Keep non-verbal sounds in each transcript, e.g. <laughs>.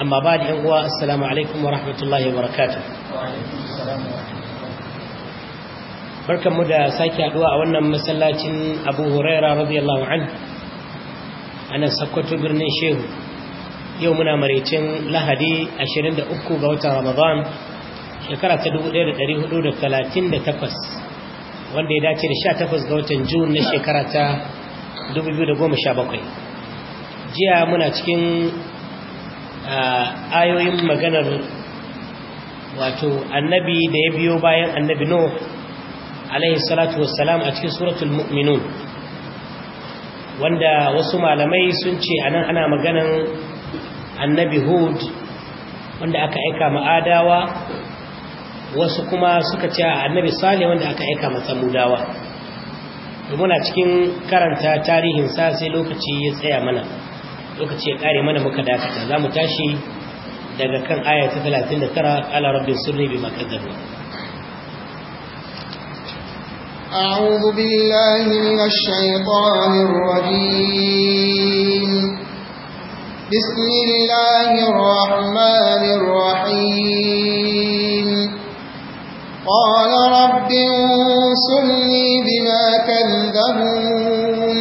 amma ba da yan uwa assalamu alaikum wa rahmatullahi wa barakatuh mu da sake haduwa a wannan masallacin abu huraira radiyallahu an ana sakkwato birnin shehu yau muna maraicin lahadi 23 ga watan ramadan shekara ta 1438 wanda ya dace da 18 ga watan jun na shekara ta 2017 jiya muna cikin ayoyin maganar wato annabi da ya biyo bayan annabi no alaihi salatu wassalam a cikin suratul mu'minun wanda wasu malamai sun ce anan ana maganan annabi hud wanda aka aika ma'adawa wasu kuma suka ce annabi salih wanda aka aika matsamudawa a cikin karanta tarihin sa sai lokaci ya tsaya mana lokaci ya kare mana muka dakata za mu tashi daga kan aya ta 39 ala rabbi sirri bi makaddaru أعوذ بالله من الشيطان الرجيم بسم الله الرحمن الرحيم قال رب انصرني بما كذبون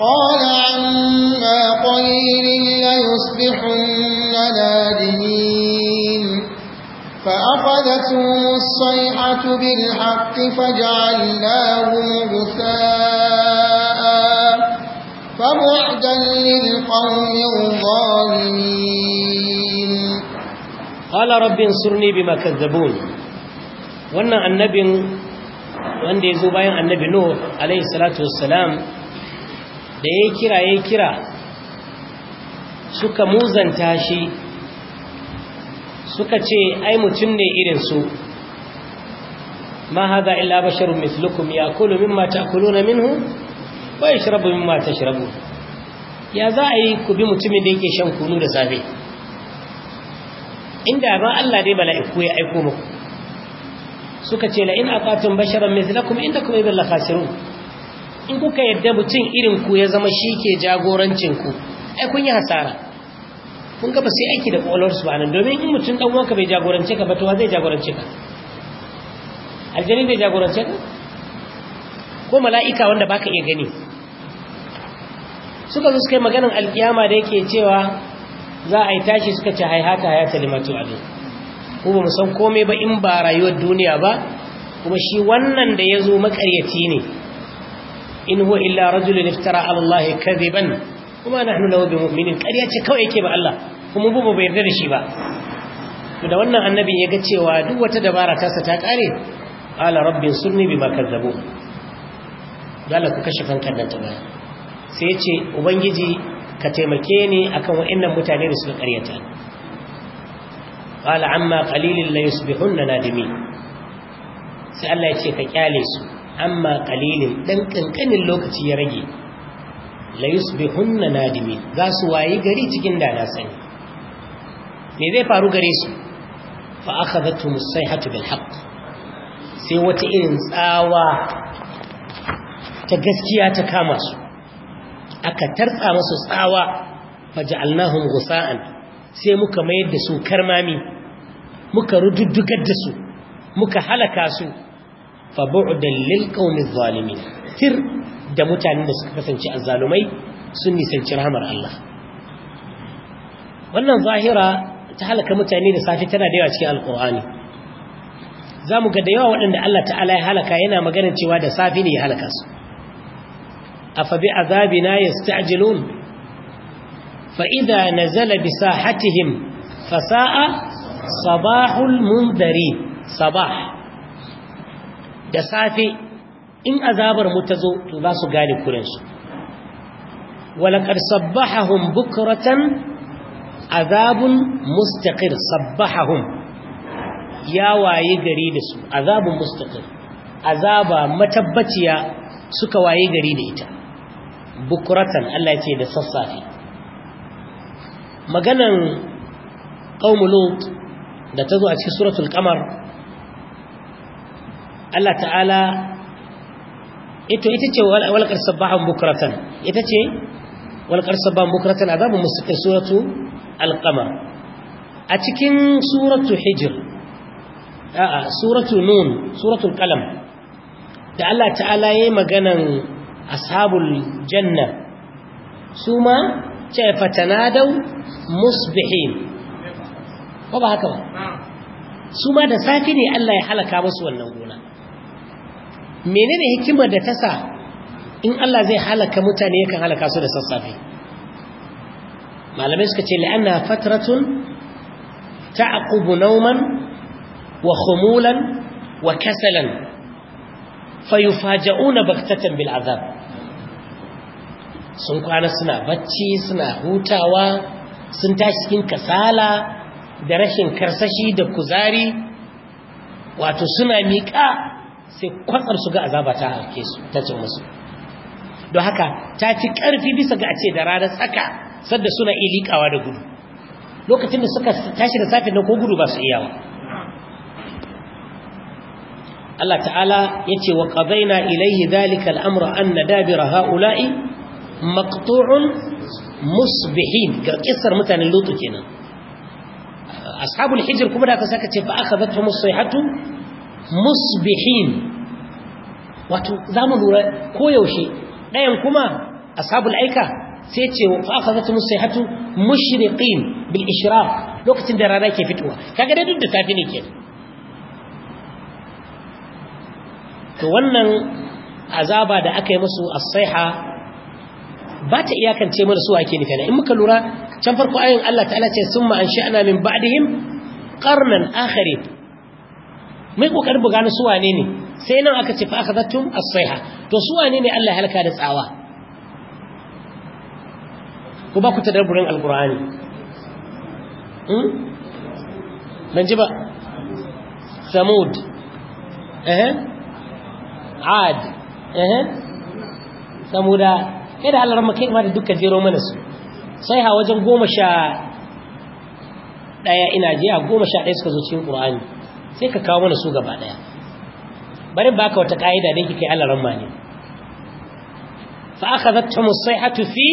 قال عما قليل ليصبحن نادمين فأخذتهم الصيحة بالحق فجعلناهم غثاء فبعدا للقوم الظالمين قال رب انصرني بما كذبون wannan annabin wanda ya zo bayan annabi nuh alaihi salatu wassalam da ya kira ya kira suka muzanta shi suka ce ai mutum ne irinsu ma haza illa basharun mislukum ya kulu mimma ta'kuluna minhu wa yashrabu mimma tashrabu ya za a yi ku bi mutumin da yake shan kunu da safe inda ba Allah dai mala'iku ya aiko muku suka ce la in aqatum basharan mislakum indakum idhal khasirun in kuka yadda mutum irin ku ya zama shi ke jagorancin ku ai kun yi hasara kun ga sai aiki da kwallon su ba nan domin in mutum dan wanka bai jagorance ka ba to zai jagorance ka aljani bai jagorance ka ko mala'ika wanda baka iya gani suka zo suka yi maganar alkiyama da yake cewa za a yi tashi suka ce haka ta limatu ali ko ba mu san komai ba in ba rayuwar duniya ba kuma shi wannan da ya zo makaryaci ne in huwa illa rajulun iftara ala Allah kadhiban kuma nahnu wajen muminin ƙarya ce kawai yake ba Allah kuma mu bai yarda da shi ba da wannan annabi ya ga cewa duk wata dabara ta sa ta kare ala rabbin sunni bima kazzabu dala ku kashe kankan nan ta sai ya ce ubangiji ka taimake ni akan wa'annan mutane da suka ƙaryata qala amma qalilin la yusbihunna nadimin sai Allah ya ce ka kyale su amma qalilin dan kankanin lokaci ya rage la yusbihunna nadimi za su wayi gari cikin da na sani me zai faru gare su fa akhadhatuhum as bil haqq sai wata irin tsawa ta gaskiya ta kama su aka tartsa musu tsawa faja'alnahum ghusa'an sai muka mayar da su karmami muka rududdugar da su muka halaka su fa bu'dan lil qaumi tir da mutanen da suka kasance azzalumai sun nisanci rahmar Allah wannan zahira ta halaka mutane da safi tana da yawa cikin Za zamu ga da yawa waɗanda Allah ta'ala ya halaka yana maganin cewa da safi ne ya halaka su afa bi azabina yasta'jilun fa'iza idza nazala bi sahatihim fasa'a sabahul mundari sabah da safe in azabar mu ta zo to za su gane wala walakar sabbahahun bukuratan azabun mustaqir sabbahahun ya waye gari da su azabun mustaqir azaba matabbaciya suka waye gari da ita bukratan Allah ce da sassafe maganan qaumul lut da zo a cikin suratul qamar Allah ta'ala ita ita ce walqar sabahan bukratan ita ce walqar sabahan bukratan azabun mustaqir suratu al a cikin suratu hijr a'a suratu nun suratu al da Allah ta'ala ya yi maganan ashabul janna suma ce fatanadau musbihin ko ba haka ba suma da safi ne Allah ya halaka musu wannan gona menene hikimar da ta sa in Allah zai halaka mutane yakan halaka su da sassafe malamai suka ce la'anna fatratun ta'qubu nauman wa khumulan wa kasalan fayufaja'una baktatan bil azab sun kwana suna bacci suna hutawa sun tashi cikin kasala da rashin karsashi da kuzari wato suna miƙa sai kwatsar su ga azaba ta harke su ta cin musu don haka ta fi karfi bisa ga a ce da ranar saka. sadda suna iya liƙawa da gudu lokacin da suka tashi da safe na ko gudu ba su iyawa Allah ta'ala ya ce wa ƙazaina ilaihi zalika al'amura an na dabira ha'ula'i maktu'un musbihin ga ƙisar mutanen lutu kenan ashabul hijir kuma da aka saka ce ba aka zata musu sai hatu musbihin wato za mu lura koyaushe ɗayan kuma ashabul aika sai ce fa akhadhatu musayhatu mushriqin bil ishraq lokacin da rana ke fitowa kaga dai duk da safi ne kenan to wannan azaba da aka yi musu a saiha ba ta iyakance mana su ake nufi in muka lura can farko ayin Allah ta'ala ce summa ana min ba'dihim qarnan akharin mai kokarin buga na suwa ne sai nan aka ce fa akhadhatum as-sayha to suwa ne Allah halaka da tsawa ko ba ku tadabburin alqur'ani hmm ban ji ba samud eh ad samuda kai da Allah ramma kai ma da dukkan jero mana su sai ha wajen goma sha daya ina jiya goma sha daya suka zo cikin qur'ani sai ka kawo mana su gaba daya bari baka wata kaida da kike Allah ran mani fa akhadhatuhum as-sayhatu fi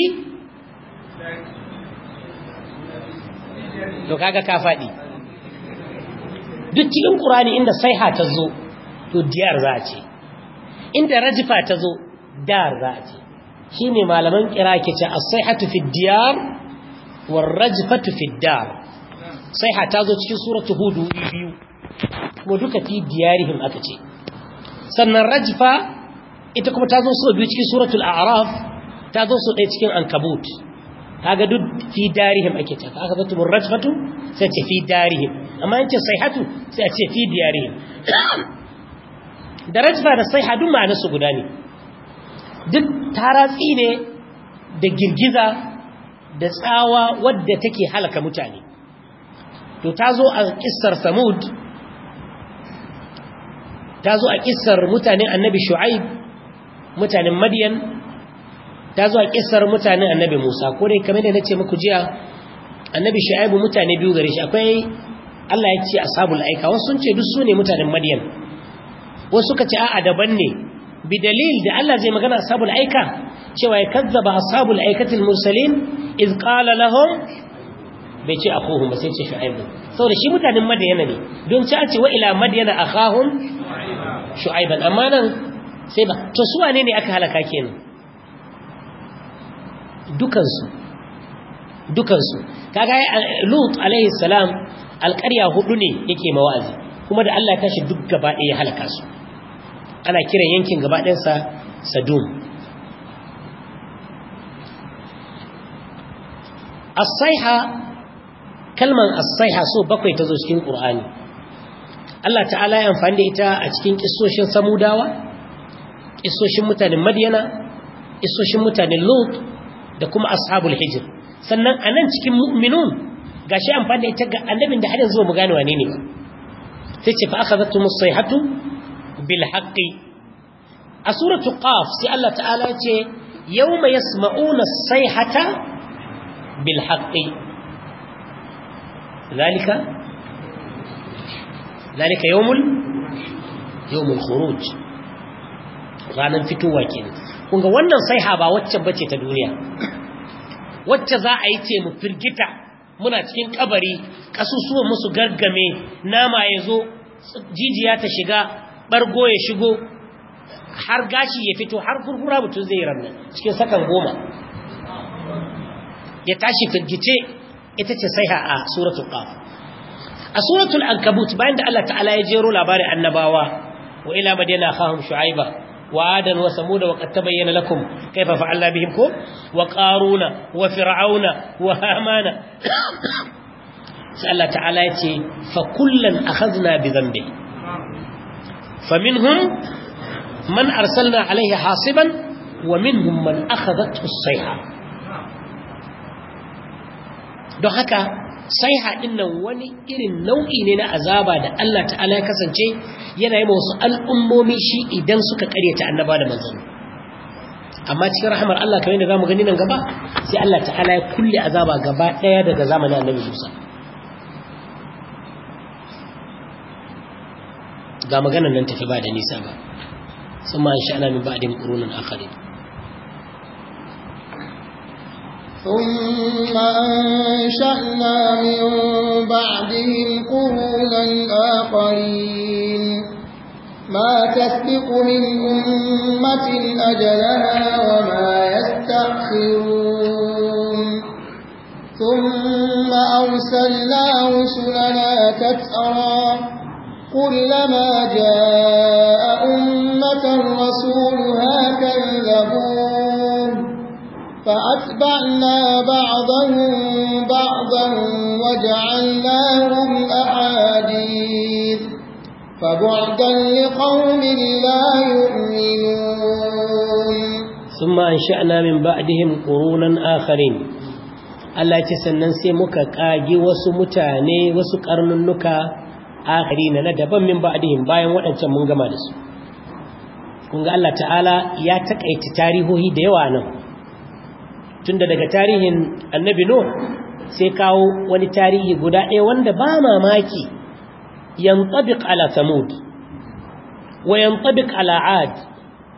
to kaga ka fadi duk cikin qur'ani inda sayha ta zo to diyar za ce inda rajifa ta zo dar za a ce shine malaman kira ke ce as-sayhatu fi diyar war rajfatu fi dar sayha ta zo cikin suratu hudu biyu mu duka diyarihim aka ce sannan rajfa ita kuma ta zo so biyu cikin suratul a'raf ta zo so ɗaya cikin ankabut kaga duk fi darihim ake ta aka zata mun rajfatu sai ce fi darihim amma in ce saihatu sai a ce fi diyarihim da rajfa da sai duk ma'ana su guda ne duk taratsi ne da girgiza da tsawa wadda take halaka mutane to ta zo a kissar samud ta zo a kissar mutanen annabi shu'aib mutanen madiyan ta zo a kissar mutanen annabi musa ko dai kamar da ce muku jiya annabi shu'aib mutane biyu gare shi akwai Allah ya ce ashabul aika wasu sun ce duk su ne mutanen madiyan wasu suka ce a'a daban ne bi dalil da Allah zai magana ashabul aika cewa ya kazzaba ashabul aikatil mursalin iz qala lahum bai ce akuhum sai ce shu'aib saboda shi mutanen madiyana ne don ci a ce wa ila madiyana akhahum shu'aiban amma nan sai ba to su wane ne aka halaka kenan dukansu dukansu kaga eh, lut alaihi salam alƙarya hudu ne yake mawazi kuma da Allah ya tashi duk gaba ɗaya halaka su ana kiran yankin gaba sa sadum as-saiha kalman as-saiha so bakwai tazo cikin qur'ani Allah ta'ala ya amfani da ita a cikin kisoshin samudawa kisoshin mutanen madiyana kisoshin mutanen lut da kuma ashabul hijir sannan a nan cikin mu'minun gashi amfani da ita ga annabin da har yanzu mu gane wane ne ba sai ce fa akhadhatu musayhatu bil haqqi a suratul qaf sai Allah ta'ala ya ce yawma yasma'una as-sayhata bil haqqi zalika ذلك يوم ال... يوم الخروج ranan fitowa kenan kun ga wannan saiha ba waccan bace ta duniya wacce za a yi ce mu firgita muna cikin kabari kasusuwan musu gargame nama ya zo jijiya ta shiga bargo ya shigo har gashi ya fito har furfura mutum zai ranna cikin sakan goma ya tashi firgice ita ce saiha a suratul qaf a suratul ankabut bayan da Allah ta'ala ya jero labarin annabawa wa ila madina khahum shu'aiba wa adan wa samud wa qad tabayyana lakum kayfa fa'alna bihim ko wa qaruna wa fir'auna wa hamana sai Allah ta'ala ya ce fa kullan akhadna bi dhanbi faminhum man arsalna alayhi hasiban wa minhum man akhadathu as-sayha don haka sai haɗin nan wani irin nau'i ne na azaba da Allah ta'ala ya kasance yana yi ma wasu al'ummomi shi idan suka karyata annaba da manzanni amma cikin rahamar Allah kamar yadda mu gani nan gaba sai Allah ta'ala ya kulle azaba gaba ɗaya daga zamanin annabi Musa ga maganar nan tafi ba da nisa ba sun ma sha'ana min ba'din qurunan akharin ثم أنشأنا من بعدهم قرونا آخرين ما تسبق من أمة أجلها وما يستأخرون ثم أرسلنا رسلنا تتأرى كلما جاء أمة رسولها كذبون فأتبعنا بعضهم بعضا وجعلناهم أحاديث فبعدا لقوم لا يؤمنون ثم أنشأنا من بعدهم قرونا آخرين Allah ce sannan sai muka kage wasu mutane wasu karnunnuka akari na na daban min ba'dihim bayan waɗancan mun gama da su Kunga Allah ta'ala ya taƙaita tarihohi da yawa nan tunda daga tarihin annabi no sai kawo wani tarihi guda ɗaya wanda ba mamaki yantabiq ala samud wa yantabiq ala Aad,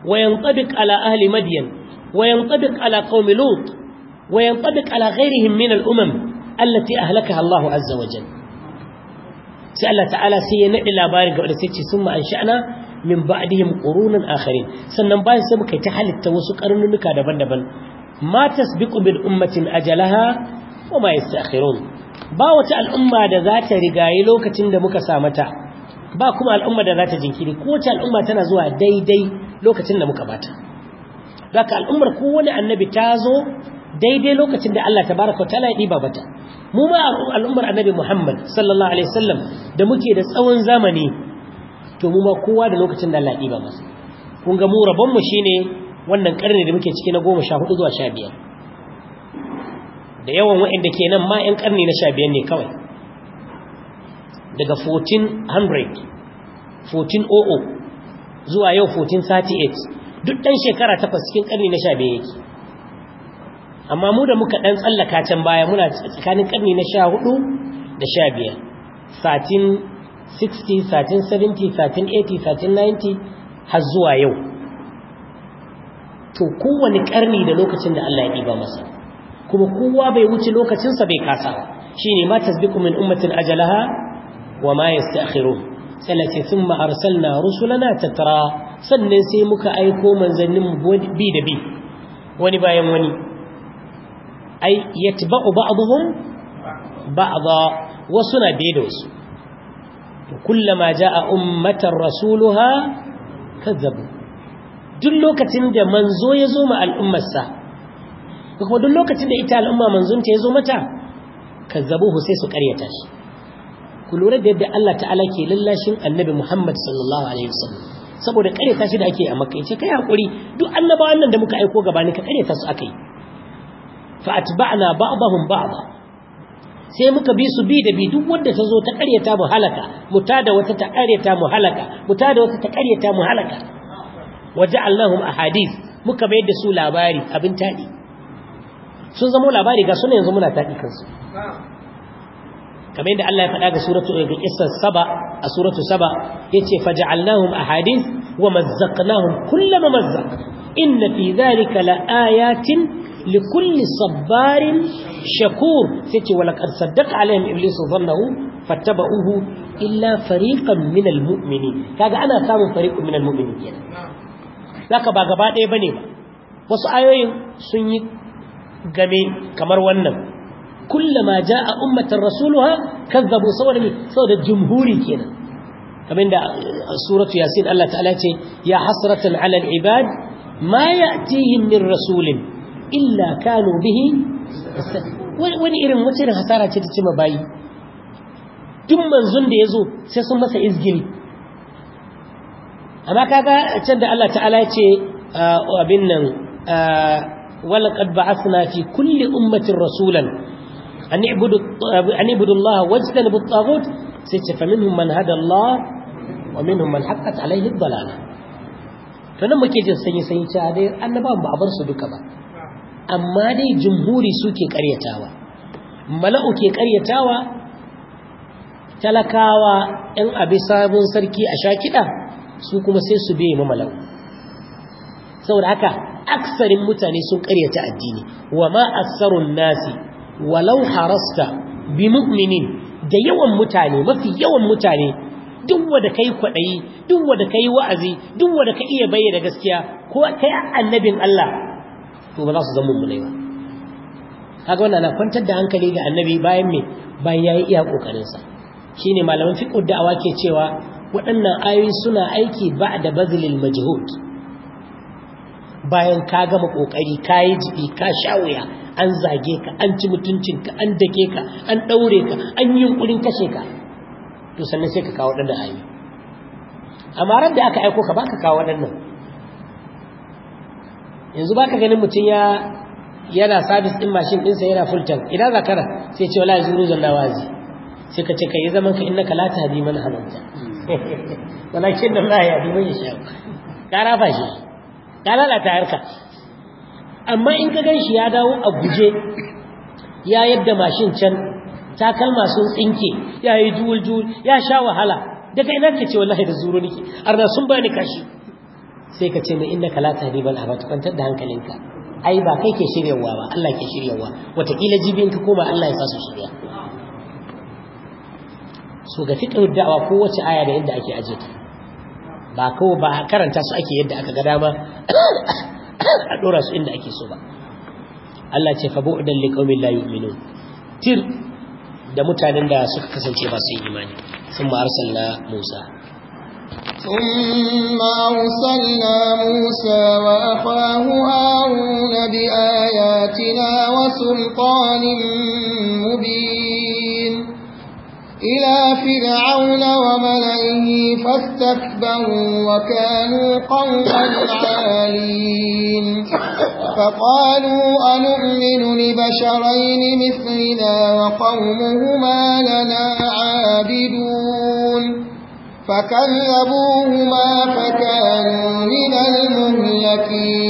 wa yantabiq ala ahli madyan wa yantabiq ala qaumi lut wa yantabiq ala ghairihim min al-umam allati ahlakaha Allah azza wa jalla sai Allah ta'ala sai ya nadi labarin ga wanda sai ce summa ansha'na min ba'dihim qurunun akharin sannan bayan sai muka ta halitta wasu karnunuka daban-daban ma tasbiqu bil ummatin ajalaha wa ma yastakhirun ba wata al'umma da zata ta rigaye lokacin da muka sa ba kuma al'umma da za jinkiri ko wata al'umma tana zuwa daidai lokacin da muka bata daga al'ummar kowane annabi ta zo daidai lokacin da Allah ta ta'ala ya diba bata mu ma al'ummar annabi Muhammad sallallahu alaihi wasallam da muke da tsawon zamani to mu kowa da lokacin da ga mu mu shine wannan karni da muke ciki na goma sha hudu zuwa sha biyar da yawan wa'inda ke nan ma 'yan karni na sha biyar ne kawai daga 1400 1400 zuwa yau 1438 duk ɗan shekara takwas cikin karni na sha biyar yake amma mu da muka ɗan tsallaka can baya muna tsakanin karni na sha hudu da sha biyar 1360 1370 1380 1390 har zuwa yau to kowane karni da lokacin da Allah ya ɗiba masa kuma kowa bai wuce lokacinsa bai kasa shine ma tasbiqu min ummatin ajalaha wa ma yasta'khirun salati thumma arsalna rusulana tatra sannan sai muka aiko manzannin bi da bi wani bayan wani ai yatba'u ba'dhum ba'dha wasu na biye da wasu kullama ja'a ummatan rasuluha kazzabu duk lokacin da manzo ya zo ma al'ummarsa da kuma duk lokacin da ita al'umma manzonta ya zo mata zabo sai su karyata shi ku lura da yadda Allah ta'ala ke lallashin annabi Muhammad sallallahu alaihi wasallam saboda karyata shi da ake a makka ce kai hakuri duk annabawan nan da muka aiko gaba gabani ka karyata su akai fa atba'na ba'dahum ba. sai muka bi su bi da bi duk wanda ta zo ta karyata mu halaka mu tada wata ta karyata mu halaka mu tada wata ta karyata mu halaka waje allahun ahadis muka bayar da su labari abin taɗi sun zama labari ga suna yanzu muna taɗi kansu kamar yadda Allah ya faɗa ga suratu ga qissas saba a suratu saba yace Allahu ahadith wa mazzaqnahum kullama mazzaq inna fi dhalika laayatin likulli sabarin shakur yace wa laqad saddaqa alaihim iblis dhannahu fattaba'uhu illa fariqan min almu'minin kaga ana samun fariqan minal almu'minin kenan zaka ba gaba ɗaya bane ba wasu ayoyin sun yi game kamar wannan kullama jaa ummatan rasuluha kazzabu saboda saboda jumhuri kenan kamar da uh, suratu yasin Allah ta'ala ce ya hasratan ala al-ibad ma ya'tihim min rasulin illa kanu bihi wani irin wace hasara ce ta cima bayi duk manzon da yazo sai sun masa izgili amma kaga can da Allah ta'ala ya ce ah, abin nan ah, walaqad ba'athna fi kulli ummatin rasulan an ibudu an Allah wajtanibu at sai ce man hada Allah wa min man haqqat alayhi ad-dalalah muke jin sanyi sanyi cewa dai annabawan ba a bar su duka ba amma dai jumhuri suke karyatawa mala'u ke karyatawa talakawa ‘yan abi sabon sarki a sha kiɗa su kuma sai su biye mamalau saboda haka aksarin mutane sun karyata addini wa ma nasi walau harasta bi mu'minin da yawan mutane mafi yawan mutane duk wanda kai kwadayi duk wanda kai wa'azi duk wanda ka iya bayyana gaskiya ko kai annabin Allah to ba za su zama mummunai ba kaga wannan na kwantar da hankali ga annabi bayan me bayan yayi iya kokarin sa shine malaman fiqh da'awa ke cewa waɗannan ayoyi suna aiki ba da bazilin majhud bayan ka gama ƙoƙari, ka yi jiɓi ka sha wuya an zage ka an ci mutuncinka an dake ka an ɗaure ka an yi yunkurin kashe ka to sannan sai ka kawo waɗannan ayoyi amma ran da aka aiko ka ba ka kawo waɗannan yanzu ba ka ganin mutum ya yana sabis ɗin mashin ɗinsa yana full tank idan zakara sai ce wala yanzu ruzan nawazi sai ka ce ka yi zaman ka ka la tahdi mana halatta <laughs> walakin da Allah ya dubi ya shawo ka rafa shi ka lalata harka amma in ka ganshi ya dawo a guje ya yadda mashin can takalma sun tsinke ya yi juwul juwul ya sha wahala daga ina ka ce wallahi da zuru niki arna sun bani kashi sai ka ce mai innaka la tahribal ta kwantar da hankalinka ai ba kai ke shiryawa ba Allah ke shiryawa wataƙila jibin ka koma Allah ya sa su shirya so ga da'wa da'awa kowace aya da inda ake aje ta ba ko ba karanta su ake yadda aka ga dama a dora su inda ake so ba Allah ce fa bu'dan liqaumin la yu'minun tir da mutanen da suka kasance ba su imani sun ma arsalna Musa ثم أرسلنا موسى وأخاه هارون بآياتنا وسلطان مبين إلى فرعون وملئه فاستكبروا وكانوا قوما عالين فقالوا أنؤمن لبشرين مثلنا وقومهما لنا عابدون فكذبوهما فكانوا من المهلكين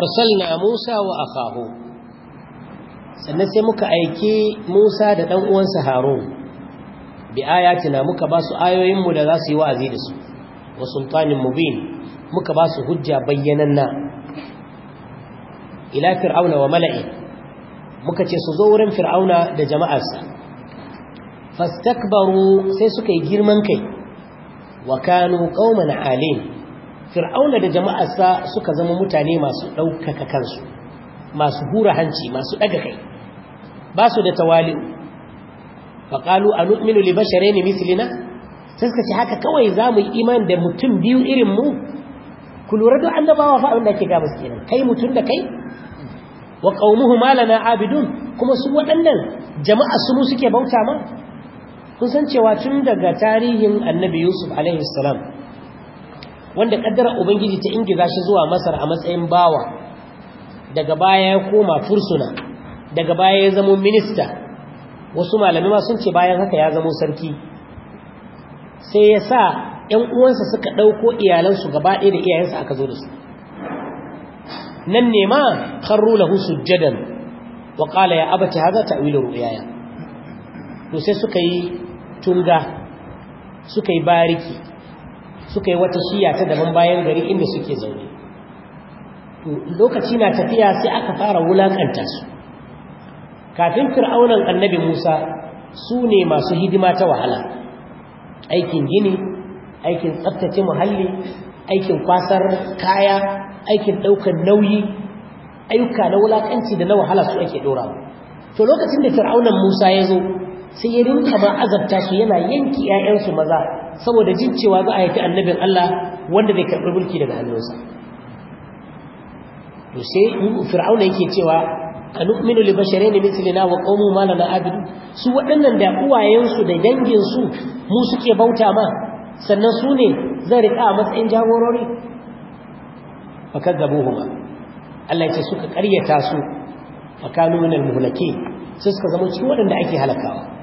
arsalna Musa wa akahu sannan sai muka aiki Musa da dan uwansa Harun bi ayatina muka ba su ayoyin mu da za su yi wa'azi da su wa sultanin mubin muka ba su hujja bayyananna ila fir'auna wa mala'i muka ce su zo wurin fir'auna da jama'arsa fastakbaru sai suka yi girman kai wa kanu qauman alim fir'auna da jama'arsa suka zama mutane masu ɗaukaka kansu masu hura hanci masu ɗaga kai ba su da tawali'u faƙalu a nu'minu li bashare ne misilina sai suka ce haka kawai za mu yi iman da mutum biyu irin mu ku lura da annabawa fa abin da ake gabas kenan kai mutum da kai wa qaumuhu malana abidun kuma su waɗannan jama'a su mu suke bauta ma kun san cewa tun daga tarihin annabi yusuf alaihi salam wanda kaddara ubangiji ta ingiza shi zuwa masar a matsayin bawa daga baya ya koma fursuna daga baya ya zama minista wasu malami ma sun ce bayan haka ya zama sarki sai ya sa ‘yan uwansa suka ɗauko iyalansu gaba ɗaya da iyayensa aka zo da su nan ne ma karru lahu sujjadan wa qala ya abata haza ta'wilu ru'yaya to sai suka yi tunga suka yi bariki suka yi wata shiya ta daban bayan gari inda suke zaune to lokaci na tafiya sai aka fara wulakanta su kafin fir'aunan annabi Musa su ne masu hidima ta wahala aikin gini aikin tsaftace muhalli aikin kwasar kaya aikin ɗaukar nauyi ayyuka na wulakanci da na wahala su ake dora to lokacin da fir'aunan Musa ya zo sai ya rinka ba azabta su yana yanki 'ya'yansu maza saboda jin cewa za a haifi annabin Allah wanda zai karɓi mulki daga hannunsa to sai fir'auna yake cewa anu'minu li basharin na wa qawmu ma lana abidu su waɗannan da uwayensu da danginsu mu suke bauta ma sannan su ne zan rika a matsayin jagorori fakazzabuhuma Allah ya ce suka ƙaryata su fakanu minal sai suka zama cikin waɗanda ake halakawa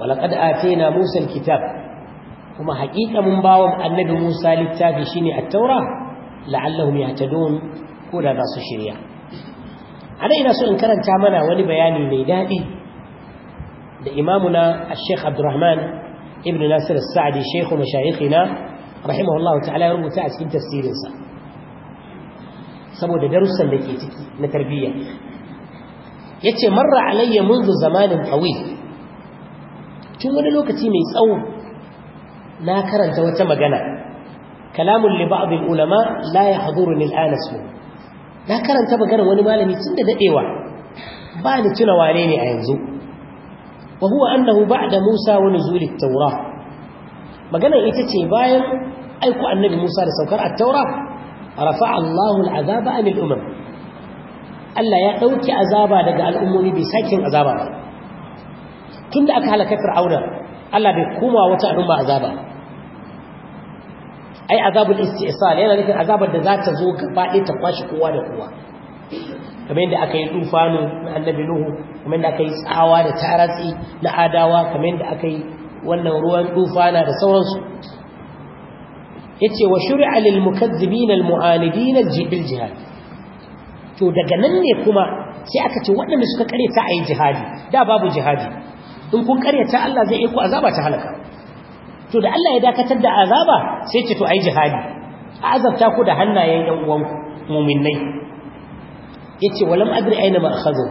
ولقد آتينا موسى الكتاب كما حقيقة من باو النبي موسى للتافي شيني التوراة لعلهم يهتدون كل ناس الشريعة علينا سؤال كرن تعمنا ولبياني ميداني لإمامنا الشيخ عبد الرحمن ابن ناصر السعدي شيخ مشايخنا رحمه الله تعالى رب تعس كنت السير إنسان سبود درسا لكي تكي نتربية يتي علي منذ زمان طويل tun wani lokaci mai tsawo na karanta wata magana kalamun li ulama la yahduruni al'ana na karanta magana wani malami tun da daɗewa ba ni tuna wane ne a yanzu wa huwa annahu da Musa wani zuri taura. maganar ita ce bayan aiko annabi Musa da saukar a taura? rafa'a Allahu al'azaba 'anil umam Allah ya ɗauki azaba daga al'ummomi bi sakin azaba tun da aka halaka fir'auna Allah bai koma wata al'umma azaba ai azabul isti'sal yana nufin azabar da za ta zo gaba ɗaya ta kwashi kowa da kowa kamar yadda aka yi tufano na annabi nuhu kamar yadda aka yi tsawa da taratsi na adawa kamar yadda aka yi wannan ruwan tufana da sauransu yace wa shuri'a lil mukazzibina al mu'anidin al jibil jihad to daga nan ne kuma sai aka ce waɗanda suka kare ta ayi jihadi da babu jihadi in kun karyata Allah zai yi azaba ta halaka to da Allah ya dakatar da azaba sai ce to ai jihadi azabta ku da hannayen yan uwan mu'minai yace walam adri aina ma akhadhu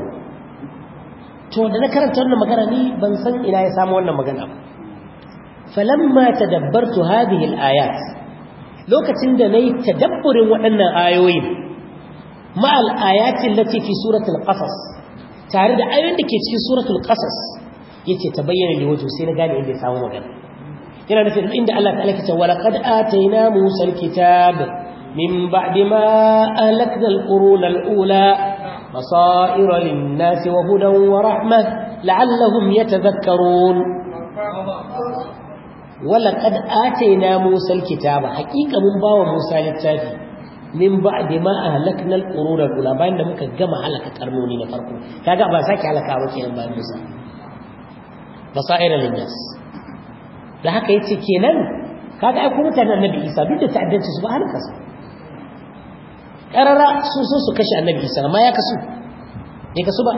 to da na karanta wannan magana ni ban san ina ya samu wannan magana falamma tadabbartu hadhihi alayat lokacin da nayi tadabburin waɗannan ayoyin ma alayat allati fi suratul qasas tare da ayoyin da ke cikin suratul qasas yace tabayyana li wato sai na gane inda ya samu magana yana nufin inda Allah ta'ala ke cewa laqad atayna musa alkitab min ba'di ma alakna alqurun alula masa'ira lin-nas wa hudan wa rahmah la'allahum yatadhakkarun ولقد آتينا musa alkitab haqiqa mun باو musa littafi min ba'di ma alakna القرون alula bayan da muka gama halaka karnoni na farko kaga ba saki halaka ba kenan ba Musa basairar linnas da haka yace kenan kaga ai kuma mutanen annabi isa duk da ta'addanci su ba har kasu karara sun so su kashe annabi isa amma ya kasu ya kasu ba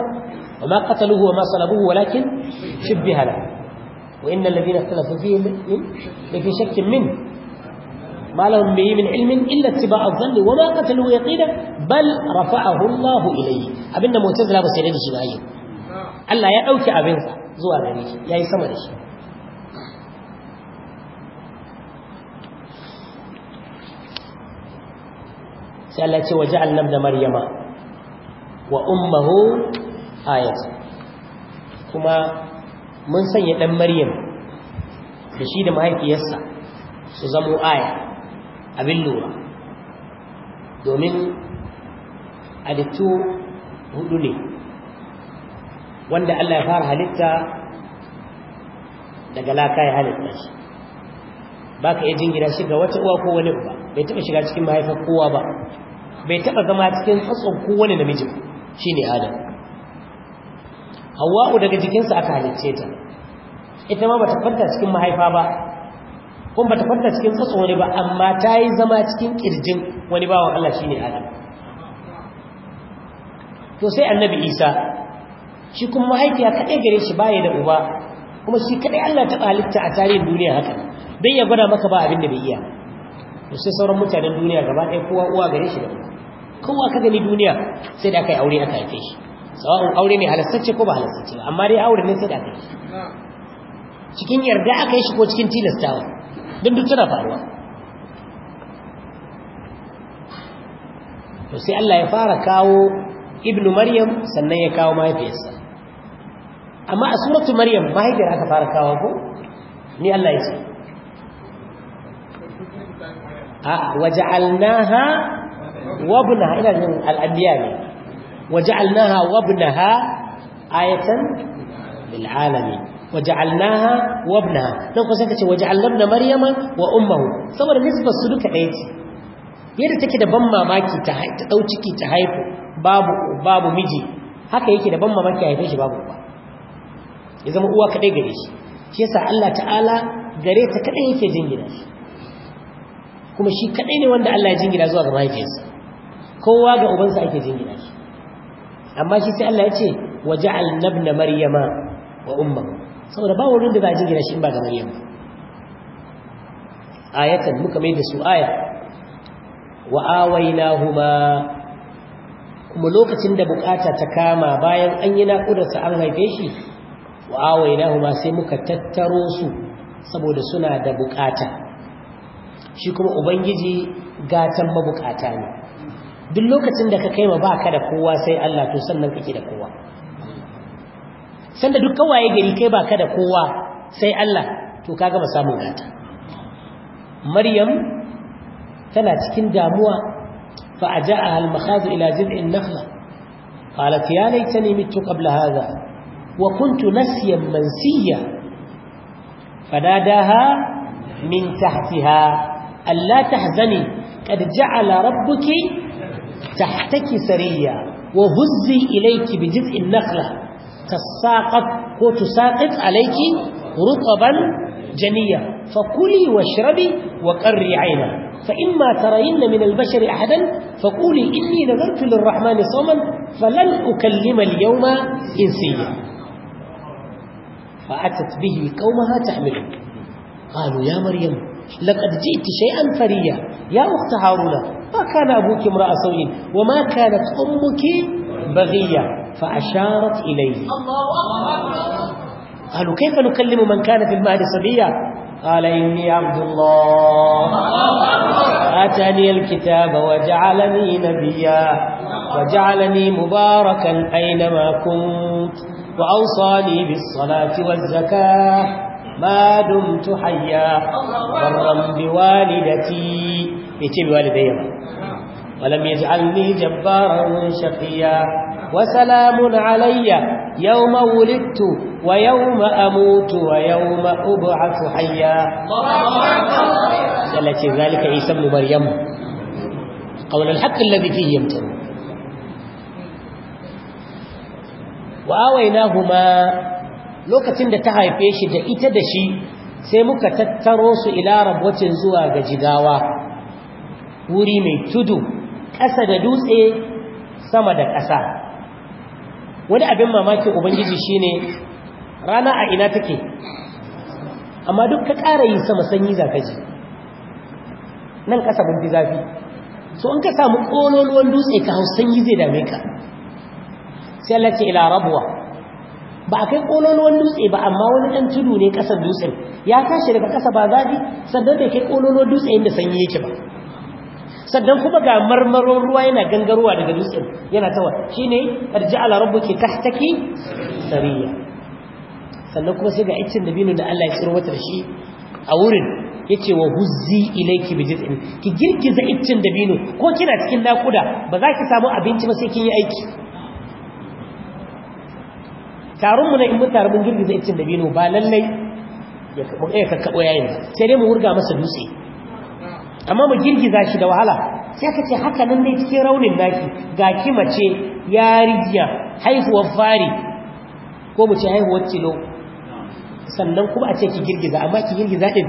wa ma qataluhu wa ma salabuhu walakin shubbiha lahu wa innal ladina ikhtalafu fihi shakkin min ما لهم به من علم إلا اتباع الظن وما قتلوه يقينا بل رفعه الله إليه أبنى معتزلة بس يريد شبهيه Allah ya ɗauki abinsa zuwa gare shi ya yi sama da shi sai Allah ce waje annab da maryama wa ummahu ayat kuma mun sanya ɗan maryam da shi da mahaifiyarsa su zamo aya abin lura domin adittu hudu ne wanda Allah ya fara halitta daga laka ya halitta shi ba ka iya jingira shi ga wata uwa ko wani uba bai taɓa shiga cikin mahaifar kowa ba bai taɓa zama cikin tsatson kowane namiji shi ne adam hawa'u daga jikinsa aka halitce ta ita ma bata farta cikin mahaifa ba kuma bata farta cikin tsatson wani ba amma ta yi zama cikin kirjin wani bawan Allah shi ne adam to sai annabi isa shi kuma mahaifiya kaɗai gare shi baya da uba kuma shi kaɗai Allah ta halitta a tarihin duniya haka don ya gwada maka ba abin da bai iya to sai sauran mutanen duniya gaba ɗaya kowa uwa gare shi da uba kowa ka gani duniya sai da aka yi aure aka haife shi sawa'un aure ne halastacce ko ba halastacce ba amma dai aure ne sai da aka yi cikin yarda aka yi shi ko cikin tilastawa don duk tana faruwa to sai Allah ya fara kawo ibnu maryam sannan ya kawo mahaifiyarsa amma a suratu maryam mahaifiyar aka fara kawo ko ni Allah ya ce a waja'alnaha wabnaha ina jin al'adiyya ne ha wabna ha ayatan lil alamin waja'alnaha wabnaha dan ko sai ka ce waja'alna maryama wa ummuhu saboda nisbar su duka ɗaya ce yadda take da ban mamaki ta ta ciki ta haifu babu babu miji haka yake da ban mamaki a haife shi babu ba ya zama uwa kaɗai gare shi shi yasa Allah ta'ala gare ta kaɗai yake jingina shi kuma shi kaɗai ne wanda Allah ya jingina zuwa ga mahaifiyarsa kowa ga ubansa ake jingina shi amma shi sai Allah ya ce wa ja'al nabna maryama wa umma saboda ba wurin da ba a jingina shi in ba ga maryama ayatan muka mai da su aya wa awainahuma kuma lokacin da bukata ta kama bayan an yi naƙudarsa an haife shi wa'awainahuma sai muka tattaro su saboda suna da bukata shi kuma ubangiji gatan mabukata ne duk lokacin da ka kaima baka da kowa sai Allah to sannan kake da kowa sanda duk kawaye gari kai baka da kowa sai Allah to kaga ba samu gata maryam tana cikin damuwa fa aja'aha al-makhaz ila jiz'in nakhla qalat ya laitani mittu qabla hadha وكنت نسيا منسيا فناداها من تحتها ألا تحزني قد جعل ربك تحتك سريا وهزي إليك بجزء النخلة تساقط وتساقط عليك رطبا جنيا فكلي واشربي وقري عينا فإما ترين من البشر أحدا فقولي إني نذرت للرحمن صوما فلن أكلم اليوم إنسيا فأتت به قومها تحمله قالوا يا مريم لقد جئت شيئا فريا يا أخت هارون ما كان أبوك امرأ سوء وما كانت أمك بغية فأشارت إليه قالوا كيف نكلم من كان في المهد صبيا قال إني عبد الله أتاني الكتاب وجعلني نبيا وجعلني مباركا أينما كنت وأوصاني بالصلاة والزكاة ما دمت حيا برا بوالدتي يتي الوالدين ولم يجعلني جبارا شقيا وسلام علي يوم ولدت ويوم أموت ويوم أبعث حيا قالت ذلك عيسى بن مريم قول الحق الذي فيه يمتن wa huma lokacin da ta haife shi da ita da shi sai muka tattaro su ila rabwatin zuwa ga jigawa wuri mai tudu ƙasa da dutse sama da ƙasa wani abin mamaki ubangiji shine rana a ina take amma duk ka ƙara yi sama sanyi za ka ji nan ƙasa mun fi zafi so in ka samu ƙololuwan dutse ka hau sanyi zai dame ka sai ila rabuwa ba a kai wani dutse ba amma wani dan tudu ne kasar dutse ya tashi daga kasa ba zafi sannan bai kai kololuwan dutse inda sanyi yake ba sannan kuma ga marmaron ruwa yana gangarowa daga dutsen yana tawa shine arja'ala rabbuki tahtaki sariya sannan kuma sai ga iccen dabino da Allah ya da shi a wurin yace wa huzzi ilayki bi jiz'in ki girgiza iccen dabino ko kina cikin nakuda ba za ki samu abinci ba sai kin yi aiki tarun mu na in mun taru mun girgiza icin dabino ba lallai ya kakkaɓo yayin sai dai mu wurga masa dutse amma mu girgiza shi da wahala sai ka ce haka nan dai cikin raunin naki ga ki mace yarinya haihuwar fari ko mu ce haihuwar tilo sannan kuma a ce ki girgiza amma ki girgiza din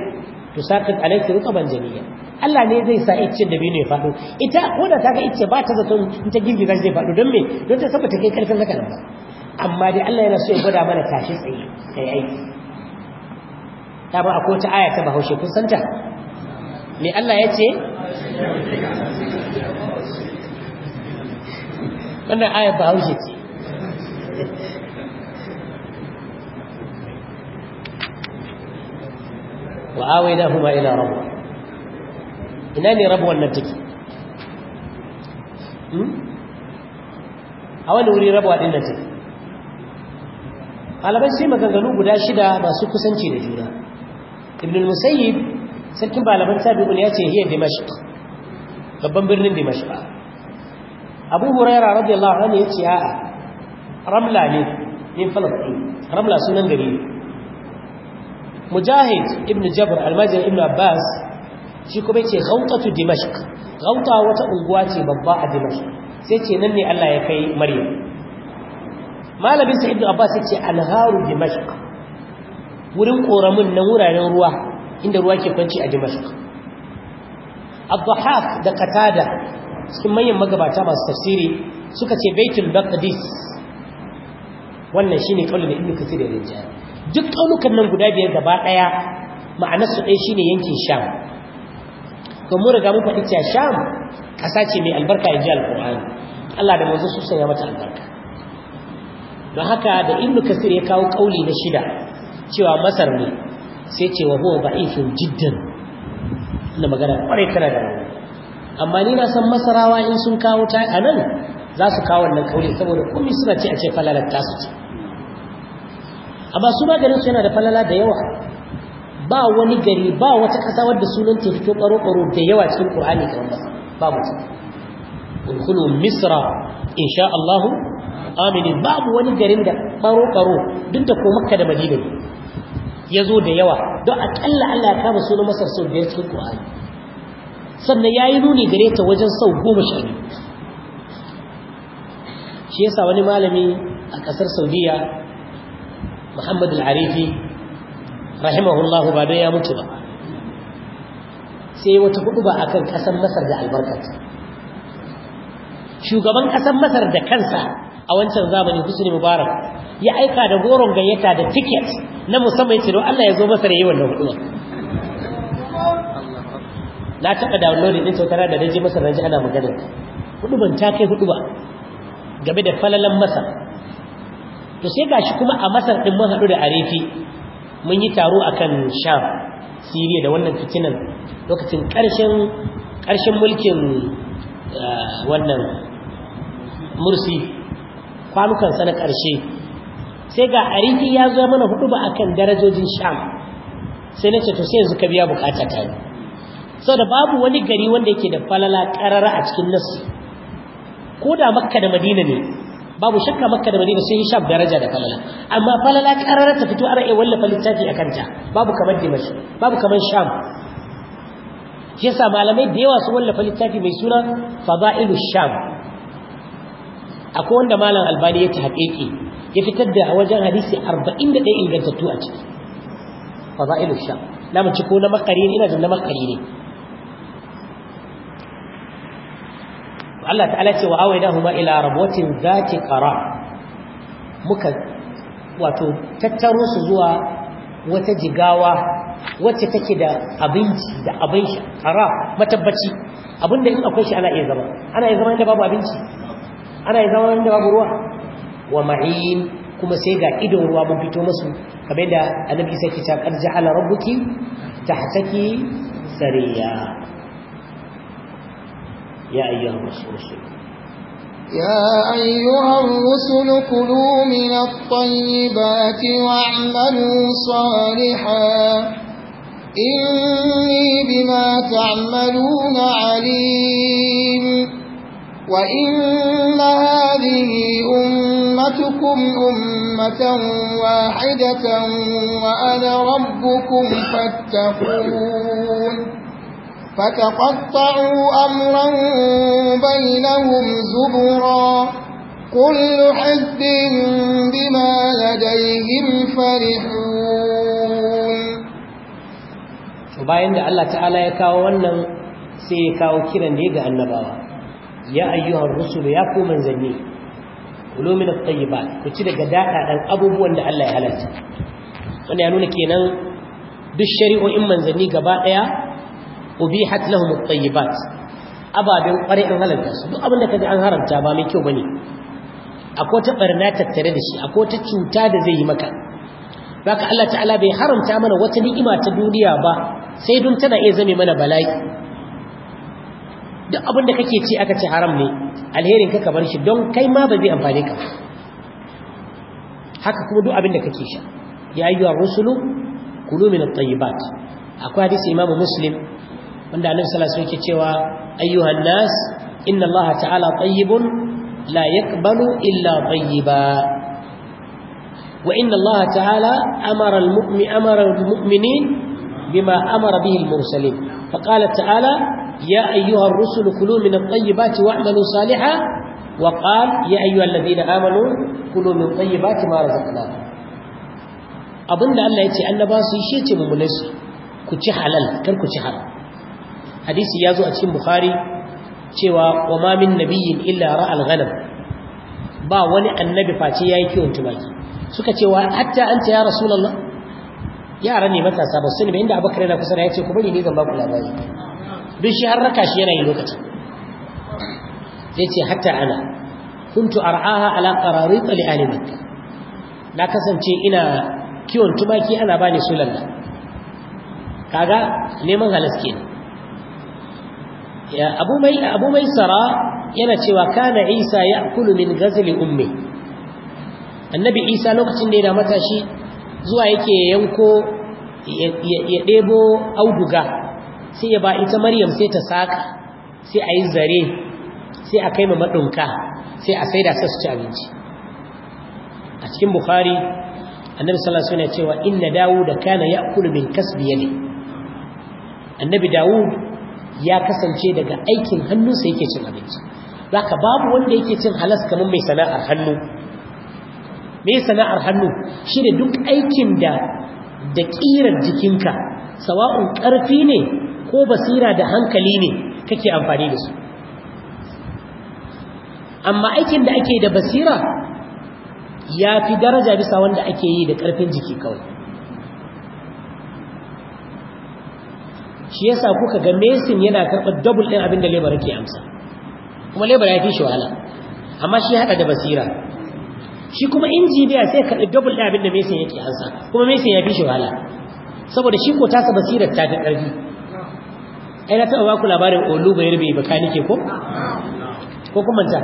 to sakat ruka ban jami'a. Allah ne zai sa icce da bino ya fado ita ko da ta ga icce ba ta zato in ta girgiza zai fado don me don ta saba ta kai karfin haka nan ba amma dai Allah yana so ya gwada mana tashi tsaye kai aiki ta ba akwai ta aya ta bahaushe kun santa me Allah ya ce wannan aya bahaushe ce wa awainahuma ila rabb ina ne rabb wannan take hmm? a wani wuri rabuwa din nan take malaman sai maganganu guda shida masu kusanci da juna ibn musayyib sarkin malaman tabi'un ya ce hiya dimashq babban birnin dimashq abu huraira radiyallahu anhu ya ce a'a ramla ne min falastin ramla sunan gari mujahid ibn jabr almajir ibn abbas shi kuma ce ghautatu dimashq gauta wata unguwa ce babba a dimashq sai ce nan ne Allah ya kai maryam malamin sa ibnu abbas yace alharu dimashq wurin koramin na wuraren ruwa inda ruwa ke kwanci a dimashq ad da qatada cikin manyan magabata masu tafsiri suka ce baitul baqdis wannan shine kaulin ibnu kathir da rijal duk kaulukan nan guda biyar gaba daya ma'anar su dai shine yankin sham to mu riga mun faɗi sham ƙasa ce mai albarka ya ji alƙur'ani Allah da manzo su sanya mata albarka don haka da ibnu kasir ya kawo kauli na shida cewa masar ne sai ce wa huwa ifin jiddan ina magana kwarai kana da rana amma ni na san masarawa in sun kawo ta a nan za su kawo wannan kauli saboda komai suna ce a ce falalar su ce amma su ma garin su yana da falala da yawa ba wani gari ba wata ƙasa wadda sunan ta fito ƙwaro-ƙwaro da yawa cikin ƙur'ani kamar ba ba mutum ulkulu misra insha Allah amini babu wani garin da baro karo duk da ko makka da madina ne ya da yawa don akalla allah ya kama sunan masar sau biyar cikin ƙwari sannan ya yi nuni gare ta wajen sau goma sha biyu shi yasa wani malami a ƙasar saudiya muhammad al-arifi rahimahullah ba don ya mutu ba sai wata hudu ba akan ƙasar masar da albarkata shugaban ƙasar masar da kansa a wancan zamani Husni Mubarak ya aika da goron gayyata da tiket na musamman yace don Allah ya zo masa da yi wannan huduma na taba downloading din sautara da daji masa ranji ana magana ban ta kai ba. game da falalan masa to sai gashi kuma a masar din mun haɗu da arefi mun yi taro akan sham siriya da wannan fitinan lokacin karshen karshen mulkin eh, wannan mursi kwanukansa na ƙarshe sai ga ariki ya zo mana hudu ba akan darajojin sham sai na ce to sai yanzu ka biya bukata ta ne da babu wani gari wanda yake da falala ƙarara a cikin nasu ko da makka da madina ne babu shakka makka da madina sun yi sham daraja da falala amma falala ƙarara ta fito ara wallafa littafi a kanta babu kamar dimash babu kamar sham yasa malamai da yawa su wallafa littafi mai suna fada'ilu sham akwai wanda malam albani ya ci haƙiƙi ya fitar da wajen hadisi ɗaya ingantattu a ciki za a fada'ilu sha na mu ci ko na makari ina da na makari ne Allah ta'ala ce wa awaidahuma ila rabwatin zati qara muka wato tattaro su zuwa wata jigawa wacce take da abinci da abin shi shakara matabbaci abinda in akwai shi ana iya zama ana iya zama inda babu abinci ana yin zama wanda babu ruwa wa ma'in kuma sai ga idon ruwa mun fito masu kamar da annabi isa ke takar ja'ala rabbuki ta hataki sariya ya ayyuhan rasulu ya ayyuhan rasulu kulu min at-tayyibati wa amalu saliha inni bima ta'maluna ta alim وإن هذه أمتكم أمة واحدة وأنا ربكم فاتقون فتقطعوا أمرا بينهم زبرا كل حزب بما لديهم فرحون وبعد الله تعالى يكاو ونن sai ya kawo ya ayyuhar rusul ya ku manzanni kulu min at-tayyibat ku ci daga dadadan abubuwan da Allah ya halarta wanda ya nuna kenan duk shari'o'in manzanni gaba daya ubihat lahum at-tayyibat ababen kware an halarta duk abin da kaji an haramta ba mai kyau bane akwai ta barna tattare da shi akwai ta cuta da zai yi maka baka Allah ta'ala bai haramta mana wata ni'ima ta duniya ba sai dun tana iya zame mana bala'i duk abin da kake ci aka ce haram ne alherin ka ka bar shi don kai ma ba zai amfane ka haka kuma duk abin da kake sha ya ayyuhar rusulu kulu min tayyibat akwai hadisi imamu muslim wanda annabi sallallahu alaihi wasallam cewa ayyuhan nas inna allaha ta'ala tayyibun la yaqbalu illa tayyiba Wa الله تعالى أمر المؤمن أمر bima amara أمر به المرسلين فقال تعالى يا أيها الرسل كلوا من الطيبات واعملوا صالحا وقال يا أيها الذين آمنوا كلوا من طيبات ما رزقناكم abin da Allah ya ce annaba su yi shece mummunai su ku ci halal kar ku ci haram hadisi ya zo a cikin bukhari cewa wa ma min nabiyyin illa ba wani annabi face yayi kiwon tumaki suka ce wa hatta anta ya rasulullah yara ne matasa ba su ne inda abakar yana kusa ya ce ku bari ne zan ba ku labari duk shi har raka shi yana yi lokaci sai ce hatta ana kuntu ar'aha ala qararit li ali na kasance ina kiwon tumaki ana bani sulalla kaga neman halaske ne. ya abu mai abu yana cewa kana isa ya kulu min gazli ummi annabi isa lokacin da yana matashi zuwa yake yanko ya ɗebo auduga sai ya ba ita maryam sai ta saka sai a yi zare sai a kai ma maɗunka sai a saida da su ci abinci a cikin bukari annabi sallallahu alaihi cewa inna da kana ya'kulu min kasbi yadi annabi dawud ya kasance daga aikin sai yake cin abinci zaka babu wanda yake cin halas kamar mai sana'ar hannu mai sana'ar hannu shine duk aikin da da kirar jikinka sawa'un ƙarfi ne ko basira da hankali ne kake amfani da su amma aikin da ake da basira ya fi daraja bisa wanda ake yi da ƙarfin jiki kawai shi yasa kuka ga mesin yana karɓar dabul ɗin abin da lebar ke amsa kuma lebar ya fi shi wahala amma shi haɗa da basira shi kuma injiniya sai karɓi dabul ɗin abin da mesin yake amsa kuma mesin ya fi shi wahala saboda shi ko tasa basirar ta fi ƙarfi ai na taɓa baku labarin olu bayar bai baka nike ko ko kuma ta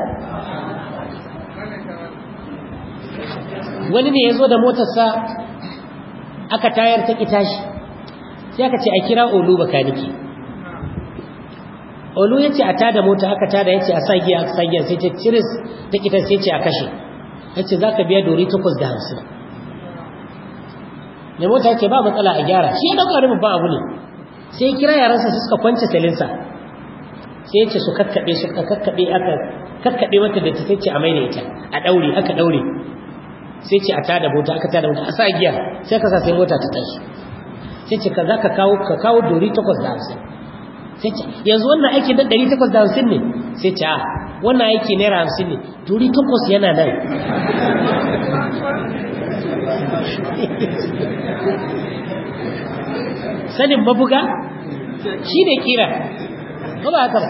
wani ne ya zo da motarsa aka tayar ta ƙi tashi sai aka ce a kira olu baka nike olu ya ce a tada mota aka tada ya ce a sagiya aka sagiya sai ta ciris ta ƙi sai ce a kashe ya ce za ka biya dori takwas da hamsin da mota ya ce ba matsala a gyara shi ya ɗauka wani ba abu ne sai kira yaransa suka kwance salinsa sai ce su kakkaɓe su kakkaɓe aka kakkaɓe mata da sai ce a maida ita a daure aka daure sai ce a tada mota aka tada mota a sa giya sai ka sa sai mota ta tashi sai ce ka za ka kawo ka kawo dori takwas da hamsin sai ce yanzu wannan aiki da ɗari takwas da hamsin ne sai ce a wannan aiki naira hamsin ne dori takwas yana nan <laughs> sanin mabuga shi ne kira ba ba haka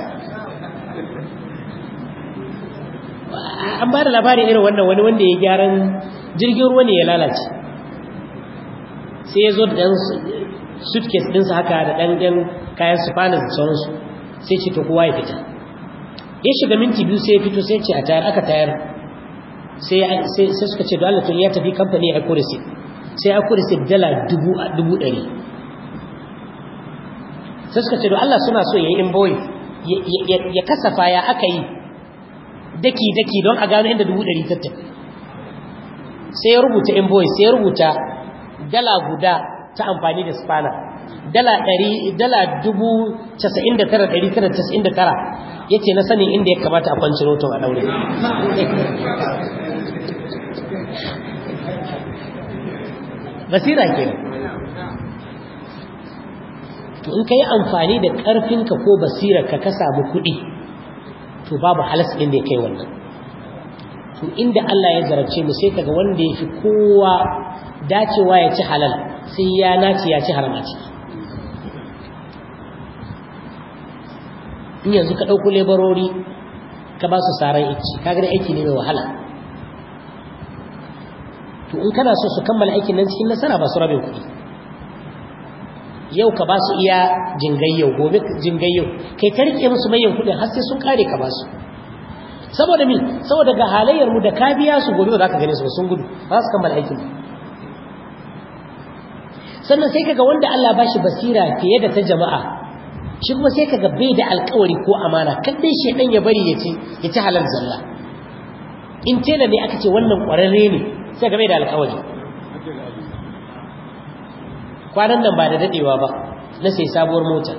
ba an ba da labarin irin wannan wani wanda ya gyaran jirgin ruwa ne ya lalace sai ya zo da ɗan suitcase ɗinsa haka da ɗan ɗan kayan spanish da sauransu sai ce ta kowa ya fita ya shiga minti biyu sai ya fito sai ce a tayar aka tayar sai suka ce dole Allah tun ya tafi kamfani ya aiko sai aiko receipt dala dubu ɗari sai suka ce Allah suna so ya yi invoice ya kasafa ya aka yi daki-daki don a gano inda dubu ɗari tattal sai ya rubuta invoice sai ya rubuta dala guda ta amfani da spana dala dala dubu casa'in da tara ɗari tara casa'in da tara ya ce na sanin inda ya kamata a kwanci roton a ɗaure <laughs> basira kenan to in ka yi amfani da ƙarfinka ko basirarka ka samu kuɗi to babu halas ɗin da ya kai wannan to inda Allah ya zarabce mu sai kaga wanda ya fi kowa dacewa ya ci halal sai ya nace ya ci haram a ciki in yanzu ka ɗauko lebarori ka ba su saran ici kaga da aiki ne mai wahala to in kana so su kammala aikin nan cikin nasara ba su rabin kuɗi yau ka ba su iya jingayyau gobe jingayyau kai ka rike musu mayan kudin har sai sun kare ka ba su saboda min saboda ga halayyar mu da ka biya su gobe ba za ka gane su sun gudu ba su kammala aikin sannan sai kaga wanda Allah ba shi basira fiye da ta jama'a shi kuma sai kaga bai da alkawari ko amana kan dai ɗan ya bari ya ci ya ci halal zalla in tela ne aka ce wannan kwararre ne sai ga bai da alkawari kwanan nan ba da dadewa ba na sai sabuwar mota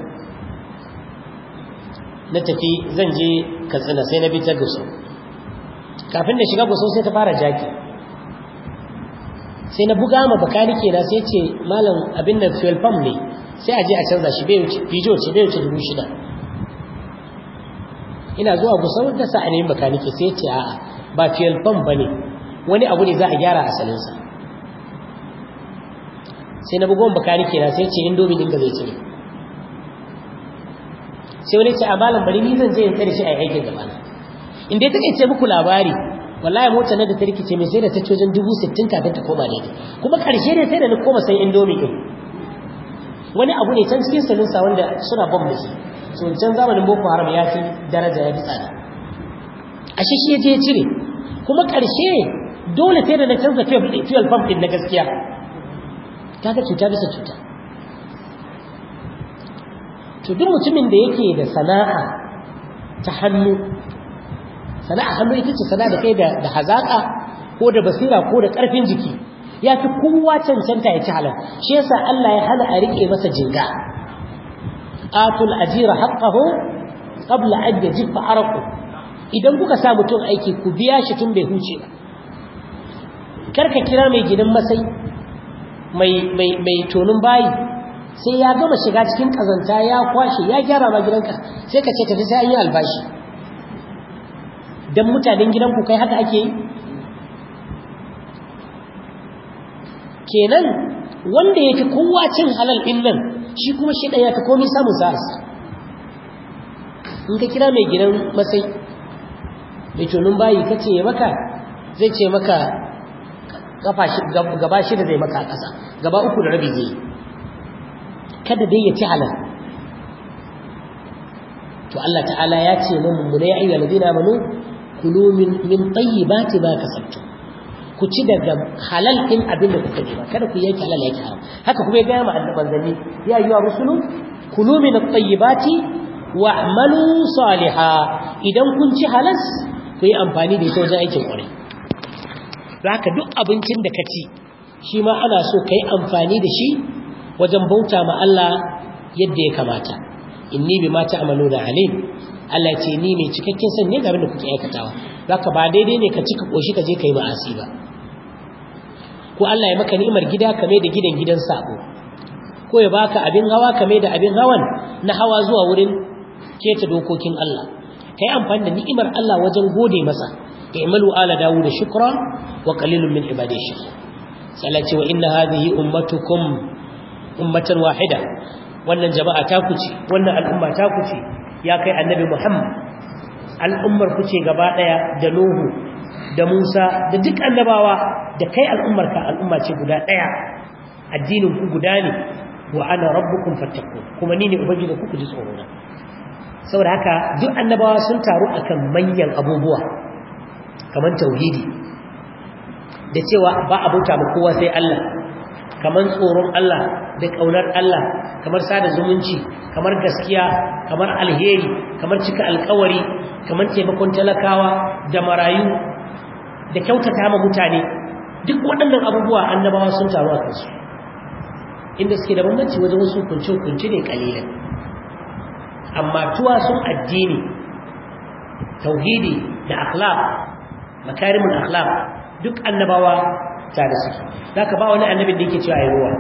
na tafi zan je katsina sai na bitar da su kafin da shiga gusau sai ta fara jaki sai na buga ma bakanike na sai ce malam abin da fuel pump ne sai a je a canza shi bai wuce fijo ce bai wuce dubu shida ina zuwa gusau da sa a nemi bakanike sai ce a'a ba fuel pump ne, wani abu ne za a gyara asalinsa sai na bugon ke na sai ce indomi dinga zai cire sai wani ce a malam bari ni zan je tsare shi a aikin gaba na in dai take ce muku labari wallahi mota na da ta rikice mai sai da ta cojin dubu sittin kafin ta koma daidai kuma karshe ne sai da na koma sai indomi din wani abu ne can cikin sa wanda suna bom mace so can zamanin boko haram ya fi daraja ya fi tsada ashe shi ya je ya cire kuma karshe dole sai da na canza fuel pump din na gaskiya kaga cuta bisa cuta to duk mutumin da yake da sana'a ta hannu sana'a hannu ita ce sana'a da kai da hazaka ko da basira ko da karfin jiki ya fi kowa cancanta ya ci halal shi yasa Allah ya hana a rike masa jinga atul ajira haqqahu qabla an yajifa arqu idan kuka sa mutum aiki ku biya shi tun bai huce ba karka kira mai gidan masai mai tonin bayi sai ya gama shiga cikin kazanta ya kwashe ya gyara ma gidanka sai ka ce fi sai an yi albashi don mutanen gidanku kai haka ake yi kenan wanda yake kowa cin halal ɗin nan shi kuma shi ɗaya ka komi samun sa'as in ka kira mai gidan masai mai tonin bayi ka ce maka zai ce maka kafa gaba shida zai maka ƙasa gaba uku da rabi zai kada dai ya ci halal to Allah ta'ala ya ce mu mummune ya ayyuhal ladina amanu kulu min min tayyibati ma kasabtum ku ci daga halal din abin da kuka nema kada ku yanke halal yake haram haka kuma ya ga mu annabi manzanni ya ayyuha rusulu kulu min at-tayyibati wa'malu salihah idan kun ci halas ku yi amfani da ita wajen aikin kwarai Zaka duk abincin da ka ci shi ma ana so ka yi amfani da shi wajen bauta ma Allah yadda ya kamata inni bi mata amalu da alim Allah ce ni mai cikakken san ne abin da kuke aikatawa zaka ba daidai ne ka cika koshi ka je kai ba asi ba ko Allah ya maka ni'imar gida ka da gidan gidan sako ko ya baka abin hawa kame da abin hawan na hawa zuwa wurin keta dokokin Allah kai amfani da ni'imar Allah wajen gode masa Ka i'malu ala dawud shukra wa kalilun min ibadiy shakur sallallahu alaihi wa inna hadhihi ummatukum ummatar wahida wannan jama'a ta kuce wannan al'umma ta kuce ya kai annabi muhammad al'ummar kuce gaba daya da nuhu da musa da duk annabawa da kai al'ummar ka al'umma ce guda daya addinin ku guda ne wa ana rabbukum fattaqun kuma ni ne ubangiji ku ku ji tsoro na saboda haka duk annabawa sun taru akan manyan abubuwa kamar tauhidi da cewa ba a bauta ma kowa sai Allah kamar tsoron Allah da kaunar Allah kamar sada zumunci kamar gaskiya kamar alheri kamar cika alkawari kamar taimakon talakawa da marayu da kyautata ma mutane duk waɗannan abubuwa annabawa sun taru a kansu inda suke da bambanci wajen wasu kunce-kunce ne kalilan amma tuwa sun addini tauhidi da akhlaq makarimin akhlaq duk annabawa tare suke zaka ba wani annabi da yake cewa ayi ruwa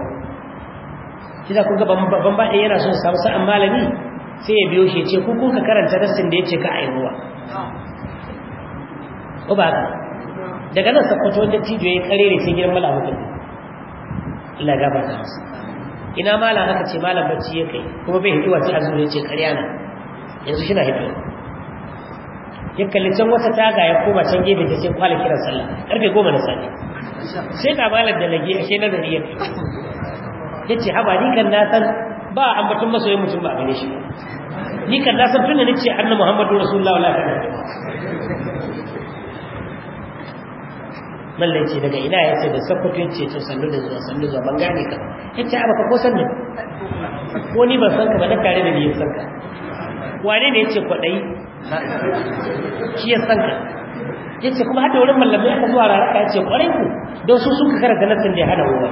kida kun ga ban ba yana son samu sa'an malami sai ya biyo shi ce ku kuka karanta darsin da yake ka ayi ruwa ko ba ka daga nan sakkwato wanda tijo ya karere sai girman malamukan Allah ya gafarta masa ina malam aka ce malam bacci ya kai kuma bai hidiwa ta azumi ya ce karyana yanzu shi na hidiwa ya kalli can wata taga ya koma can gefe ta sai kwala kiran sallah karfe goma na safe sai na malar da lage a shenar da riyar ya ce haba ni kan na san ba a ambatun masoyin mutum ba a gane shi ni kan na san ni ce annan muhammadu rasulullah wala kana mallan ce daga ina ya ce da sakwatin ce to sannu da zuwa sannu zuwa ban gane ka ya ce abaka ko sannu ko ni ban san ka ba na tare da ni ya san ka wane ne ya ce kwaɗayi shi ya san ka ya ce kuma hada wurin mallamai aka zuwa raraka ya ce kwarai ku don su suka karanta nassin da ya hana wuwa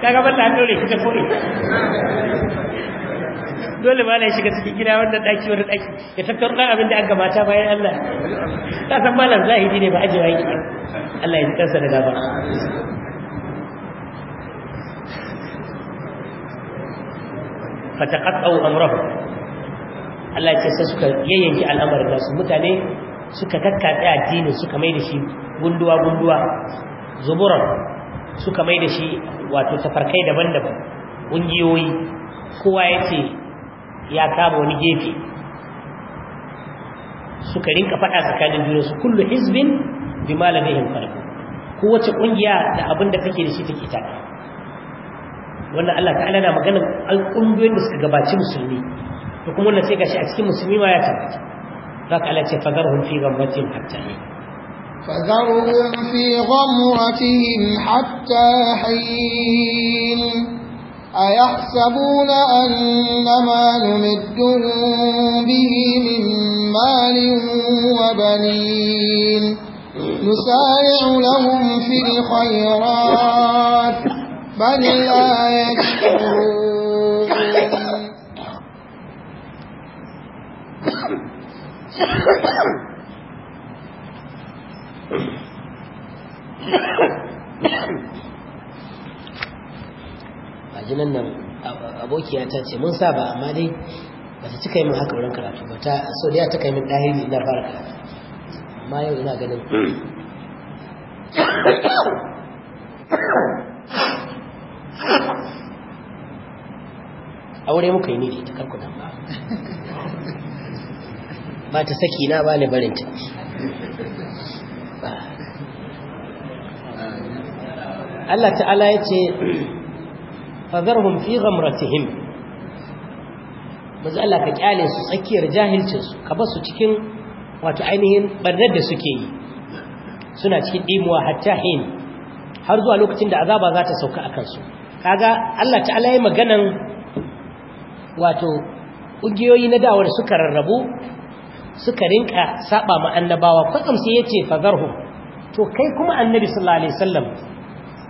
ka ban da dole ta koyi dole ba na shiga cikin gida wanda daki wanda daki ya tattaro dan abin da aka gabata bayan Allah ta san malam zahidi ne ba ajewa yake Allah ya ji kansa da gaba fataqattau amrahu Allah ya ce sai suka yayyanki al'amarin nasu mutane suka kakkatsa addini suka mai da shi gunduwa gunduwa zuburan suka mai da shi wato tafarkai daban-daban ƙungiyoyi kowa ya ce ya kama wani gefe suka rinka faɗa tsakanin su kullu hizbin bi malamihim farko kowace ƙungiya da abin da take da shi take taka wannan Allah ta'ala na maganar al al'ummomin da suka gabaci musulmi to kuma wannan sai gashi a cikin musulmi ma ya tabbata zaka Allah ce fagarhum fi ghamratihim hatta فذرهم في غمرتهم حتى حين أيحسبون أن ما نمدهم به من مال وبنين نسارع لهم في الخيرات بل لا يشعرون ajinan nan abokiya ta ce mun saba amma dai ba ta cika yi min haka wurin karatu ba ta so da ya ta kai min ɗahiri ina fara karatu amma yau ina ganin <coughs> aure muka yi ne da ita karkuna ba ta saki na ba ne barinta Allah ta'ala ya ce fazarhun fi ghamratihim maza Allah ka kyale su tsakiyar jahilcinsu ka ba su cikin wato ainihin barnar da suke yi suna cikin dimuwa hatta hin har zuwa lokacin da azaba za ta sauka a kansu kaga Allah ta'ala ya maganan wato ƙungiyoyi na dawar suka rarrabu suka rinka saba ma annabawa kwatsam sai yace fazarhu to kai kuma annabi sallallahu alaihi wasallam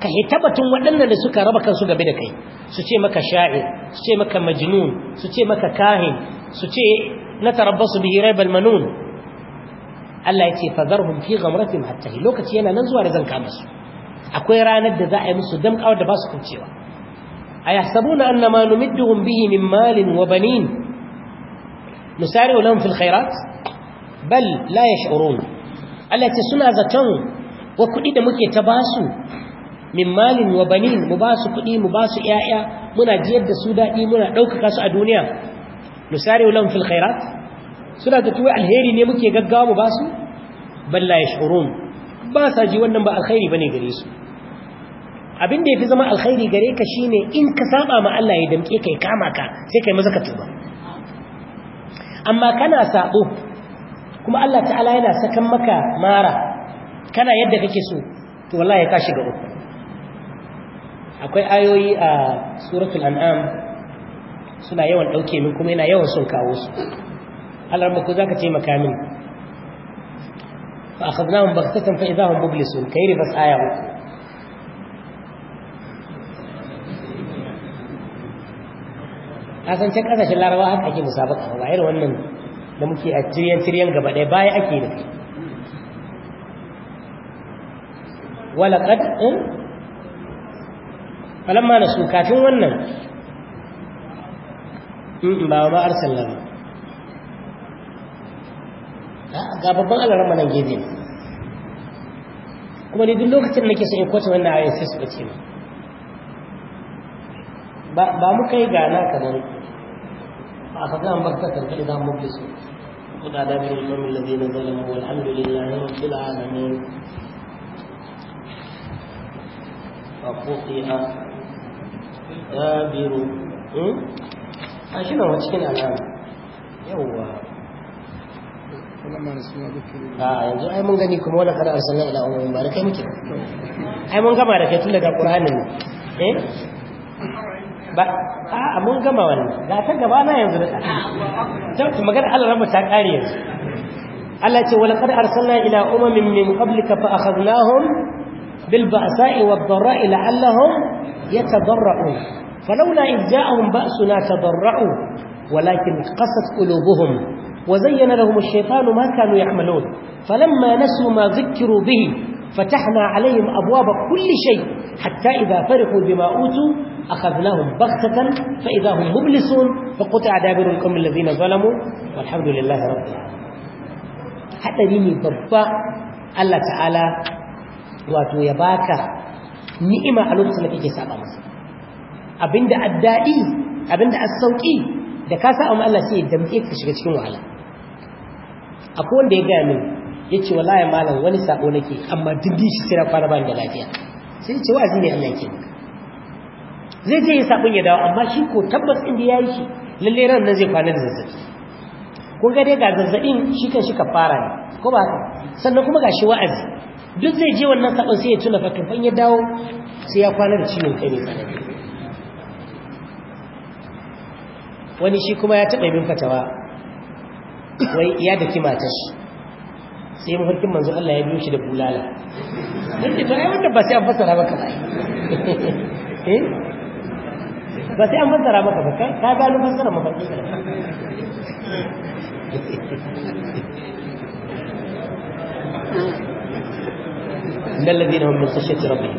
ka yi tabbatun waɗannan da suka raba kansu game da kai su ce maka sha'ir su ce maka majnun su ce maka kahin su ce na tarabbasu bihi raibal manun Allah ya ce fazarhum fi ghamratin hatta lokaci yana nan zuwa da zan kama su akwai ranar da za a yi musu damƙawar da ba su kuncewa ayahsabuna anna ma numidduhum bihi min malin wa banin nusari'u lahum fil bal la yash'urun Allah ya suna zaton wa kudi da muke ta basu min malin wa banin mu basu kuɗi mu basu iyaya muna jiyar da su daɗi muna daukaka su a duniya nusari'u lahum fil suna da tuwa alheri ne muke gaggawa mu basu bal la yash'urun ba sa ji wannan ba alkhairi bane gare su abin da ya fi zama alkhairi gare ka ne in ka saba ma Allah ya damke ya kama ka sai kai maza ka tuba amma kana sabo kuma Allah ta'ala yana sakan maka mara kana yadda kake so to wallahi ka shiga uku akwai ayoyi a suratul an'am suna yawan dauke min kuma yana yawan son kawo su Allah ba ku zaka ce min fa akhadnahum baghtatan fa idahum mublisun kayri ribas Kasance kasashen larabawa haka ake musabaka ba irin wannan da muke a ciryen-ciryen gaba ɗaya baya ake da kai walaƙad in eh? falamma na su kafin wannan ba ba arsallah ga babban alarama nan gefe kuma ne duk lokacin da nake so in kwace wannan a yasis ba ce ba ba mu kai gana ka nan ba a faɗi an barka karfi mu muke so kuɗa da bin ilmin lazi na zalama walhamdulillah ya mafi la'alamin ba ko ƙi'a ya biro hmm? a shi nan cikin alama yawwa a yanzu ai mun gani kuma wani kada arsalin ila umarin ba da kai muke ai mun gama da kai tun daga ƙur'anin ne eh? ba a mun gama wannan ga ta gaba na yanzu da ta magana Allah rabu ta kare yanzu Allah ce wala qad arsalna ila umamin min qablika fa akhadnahum bil ba'sa'i wad dharra'i la'allahum yatadarra'un falawla id ja'ahum ba'suna tadarra'u walakin qasat qulubuhum وزين لهم الشيطان ما كانوا يعملون فلما نسوا ما ذكروا به فتحنا عليهم أبواب كل شيء حتى إذا فرحوا بما أوتوا أخذناهم بغتة فإذا هم مبلسون فقطع دابر القوم الذين ظلموا والحمد لله رب العالمين حتى ديني ببا الله تعالى واتو يباكا ni'ima a lokacin da kake saba masa abinda addadi abinda as-sauki da ka saba Allah sai ya damke ka shiga cikin wahala akwai wanda ya ga min yace wallahi malam wani sako nake amma duk shi sira fara bani da lafiya sai ce wa'azi ne Allah yake zai je ya sabon ya dawo amma shi ko tabbas inda ya yi shi lalle ran nan zai kwana da zazzabi ko ga dai ga zazzabin shi kan shi ka fara ne ko ba haka sannan kuma gashi wa'azi duk zai je wannan sabon sai ya tuna fa fan ya dawo sai ya kwana da ciwon kai ne tsanani wani shi kuma ya taɓa bin fatawa wai ya daki matar shi sai mafarkin manzo Allah ya biyo shi da bulala nake to ai wanda ba sai an fassara maka ba eh ba sai an fassara maka ba kai ka ga lokacin fassara mafarki إن الذين هم من خشية ربهم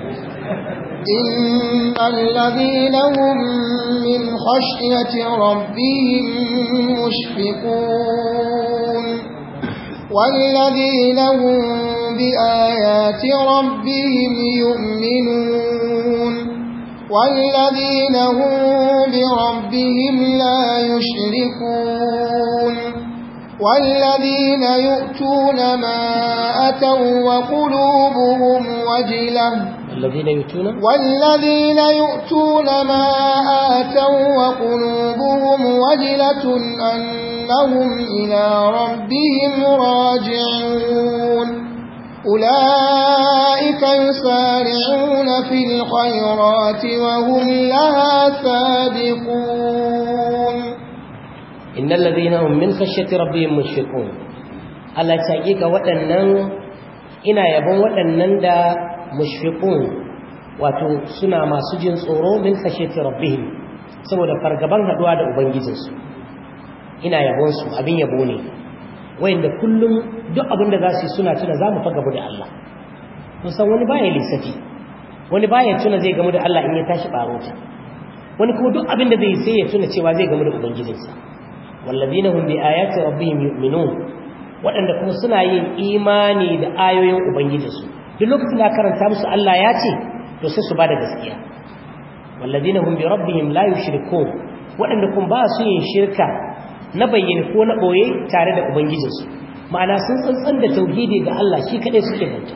إن الذين هم من خشية ربهم مشفقون والذين هم بآيات ربهم يؤمنون والذين هم بربهم لا يشركون والذين يؤتون ما أتوا وقلوبهم وجلة الذين يؤتون والذين يؤتون ما آتوا وقلوبهم وجلة أن أنهم إلى ربهم راجعون أولئك يسارعون في الخيرات وهم لها سابقون إن الذين هم من خشية ربهم مشفقون ألا تأييك وأنن إنا يبون وأنن دا مشفقون wato suna masu jin tsoro min khashyati rabbihim saboda fargaban haduwa da ubangijinsu ina yabon su abin yabo ne wayanda kullum duk abin da za su yi suna tuna za mu fa gabu da Allah musan wani baya lissafi wani baya tuna zai gamu da Allah in ya tashi barota wani kuma duk abin da zai sai ya tuna cewa zai gamu da ubangijinsa wallazina hum bi ayati rabbihim yu'minun waɗanda kuma suna yin imani da ayoyin ubangijinsu duk lokacin da karanta musu Allah ya ce to sai su bada gaskiya wallazina hum bi rabbihim la yushrikun waɗanda kuma ba su yin shirka na bayyane ko na ɓoye tare da ubangijinsu ma'ana sun tsantsan da tauhidi ga Allah shi kaɗai suke bauta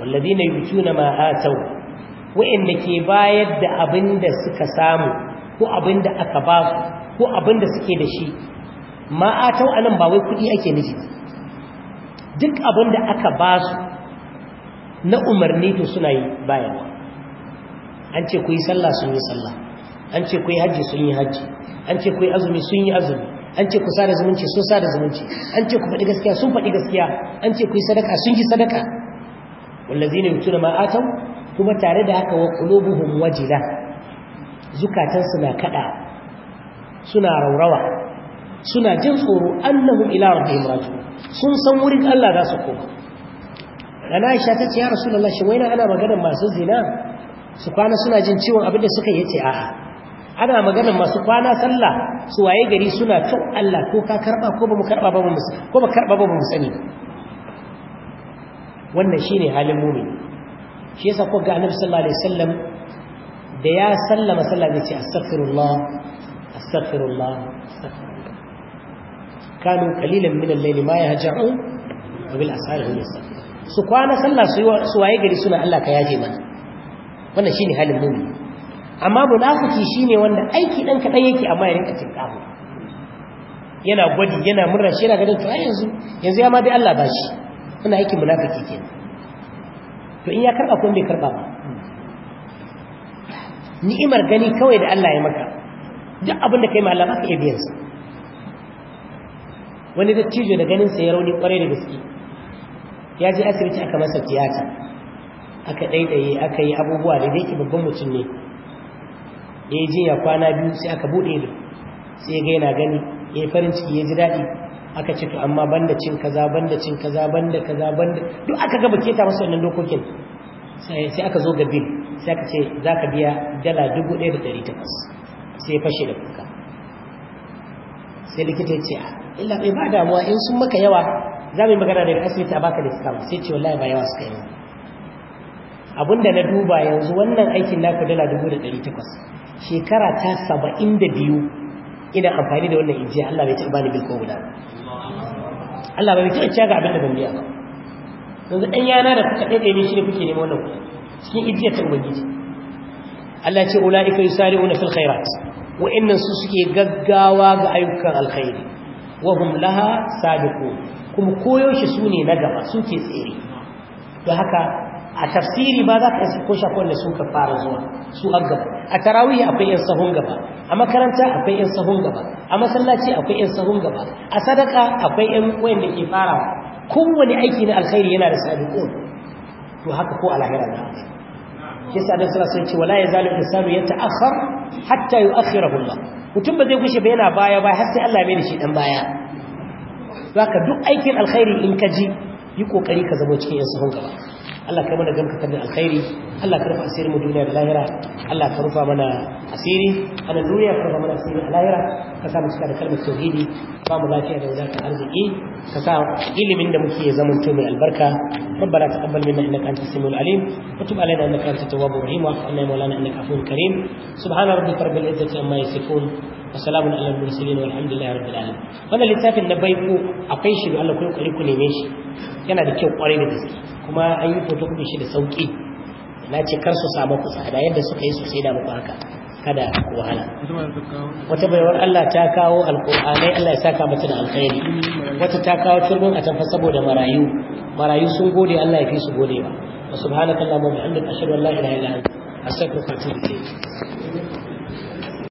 wallazi na yutu na ma'atau wa'inda ke bayar da abin da suka samu ko abin da aka ba su ko abin da suke da shi ma'atau a nan ba wai kuɗi ake nufi duk abin da aka ba su na umarni to suna yi bayarwa an ce ku yi sallah sun yi sallah an ce ku yi hajji sun yi hajji an ce ku yi azumi sun yi azumi an ce ku sada zumunci sun sada zumunci an ce ku faɗi gaskiya sun faɗi gaskiya an ce ku yi sadaka sun yi sadaka ne yutuna ma atau kuma tare da haka wa qulubuhum wajila zukatan suna kada suna raurawa suna jin tsoro annahum ila rabbihim raji sun san wurin Allah za su koma ana Aisha ta ce ya rasulullahi shin waina ana maganar masu zina su kwana suna jin ciwon abin da suka yi ce a'a ana magana masu kwana sallah su waye gari suna kan Allah ko ka karba ko bamu karba ba mu ko ba karba ba mu sani wannan shine halin mu'min shi yasa ko ga Annabi sallallahu alaihi wasallam da ya sallama sallah zai ce astaghfirullah astaghfirullah kanu qalilan min al-layli ma yahja'un wa bil ashari hum yastaghfirun su kwana sallah su waye gari suna Allah ka yaje mana wannan shine halin mu'min amma shi ne wanda aiki dan kadan yake amma ya rinka tinkahu yana gwadi yana murna shi yana ganin to ai yanzu yanzu ya ma dai Allah bashi Ina aikin munafiki kenan to in ya karba ko bai karba ba ni'imar gani kawai da Allah ya maka duk abin da kai ma Allah baka iya biyan sa wani dattijo da ganin sa ya rauni kwarai da gaske ya je asibiti aka masa tiyata aka daidaye aka yi abubuwa da dai babban mutum ne da ya ya kwana biyu sai aka buɗe da sai ga yana gani ya yi farin ciki ya ji daɗi aka ce to amma banda cin kaza banda cin kaza banda kaza banda duk aka gaba keta masu wannan dokokin sai aka zo ga bin sai aka ce za ka biya dala dubu ɗaya da ɗari takwas sai ya fashe da kuka sai likita ya ce a ah, illa bai ba damuwa in sun maka yawa za mu yi magana da asibiti a baka discount sai ce wallahi ba yawa suka yi abinda na duba yanzu wannan aikin naku dala dubu da ɗari takwas shekara ta saba'in da biyu ina amfani da wannan injiya Allah bai taɓa ni bil ko guda Allah bai taɓa ciya ga abin da ban biya ba yanzu ɗan yana da kuka ɗaiɗe ne shi ne kuke neman wannan kuɗi cikin injiyar ta ubangiji Allah ce ula'ika yusari'una fil khairat wa innan su suke gaggawa ga ayyukan alkhairi wa hum laha kuma koyaushe su ne na gaba suke tsere to haka a tafsiri ba za ka yi ko shakon da suka fara zuwa su an gaba a tarawih akwai yan sahun gaba a makaranta akwai yan sahun gaba a masallaci akwai yan sahun gaba a sadaka akwai wayan da ke farawa kowane aiki na alkhairi yana da sabiqun to haka ko a lahira za shi sa da sallallahu alaihi wala yazalu insanu yata'akhkhar hatta yu'akhirahu Allah mutum ba zai gushe ba yana baya ba har sai Allah ya mai da shi dan baya zaka duk aikin alkhairi in ka ji yi kokari ka zama cikin yan sahun gaba Allah ka mana gamkatar da alkhairi Allah ka rufa asirin mu duniya da lahira Allah ka rufa mana asiri ana duniya ka rufa mana asiri a lahira ka sa mu cika da kalmar tauhidi ba mu lafiya da wadatar arziki ka sa ilimin da muke zamanto mai albarka ربنا تقبل منا انك انت السميع العليم وتب علينا انك انت التواب الرحيم واعف عنا مولانا انك عفو كريم سبحان ربك رب العزه عما يصفون wasalamun ala mursalin walhamdulillahi rabbil alamin wannan littafin na baiko akwai shi da Allah ku kokari ku neme shi yana da kyau kwarai da gaske kuma an yi foto photocopy shi da sauki na ce kar su samu ku tsada yadda suka yi sosai da muku haka kada ku wahala wata baiwar Allah ta kawo alqur'anai Allah ya saka mata da alkhairi wata ta kawo turbin a tafa saboda marayu marayu sun gode Allah ya fi su gode ba subhanakallahumma wa bihamdika ashhadu an la ilaha illa anta astaghfiruka wa atubu ilayk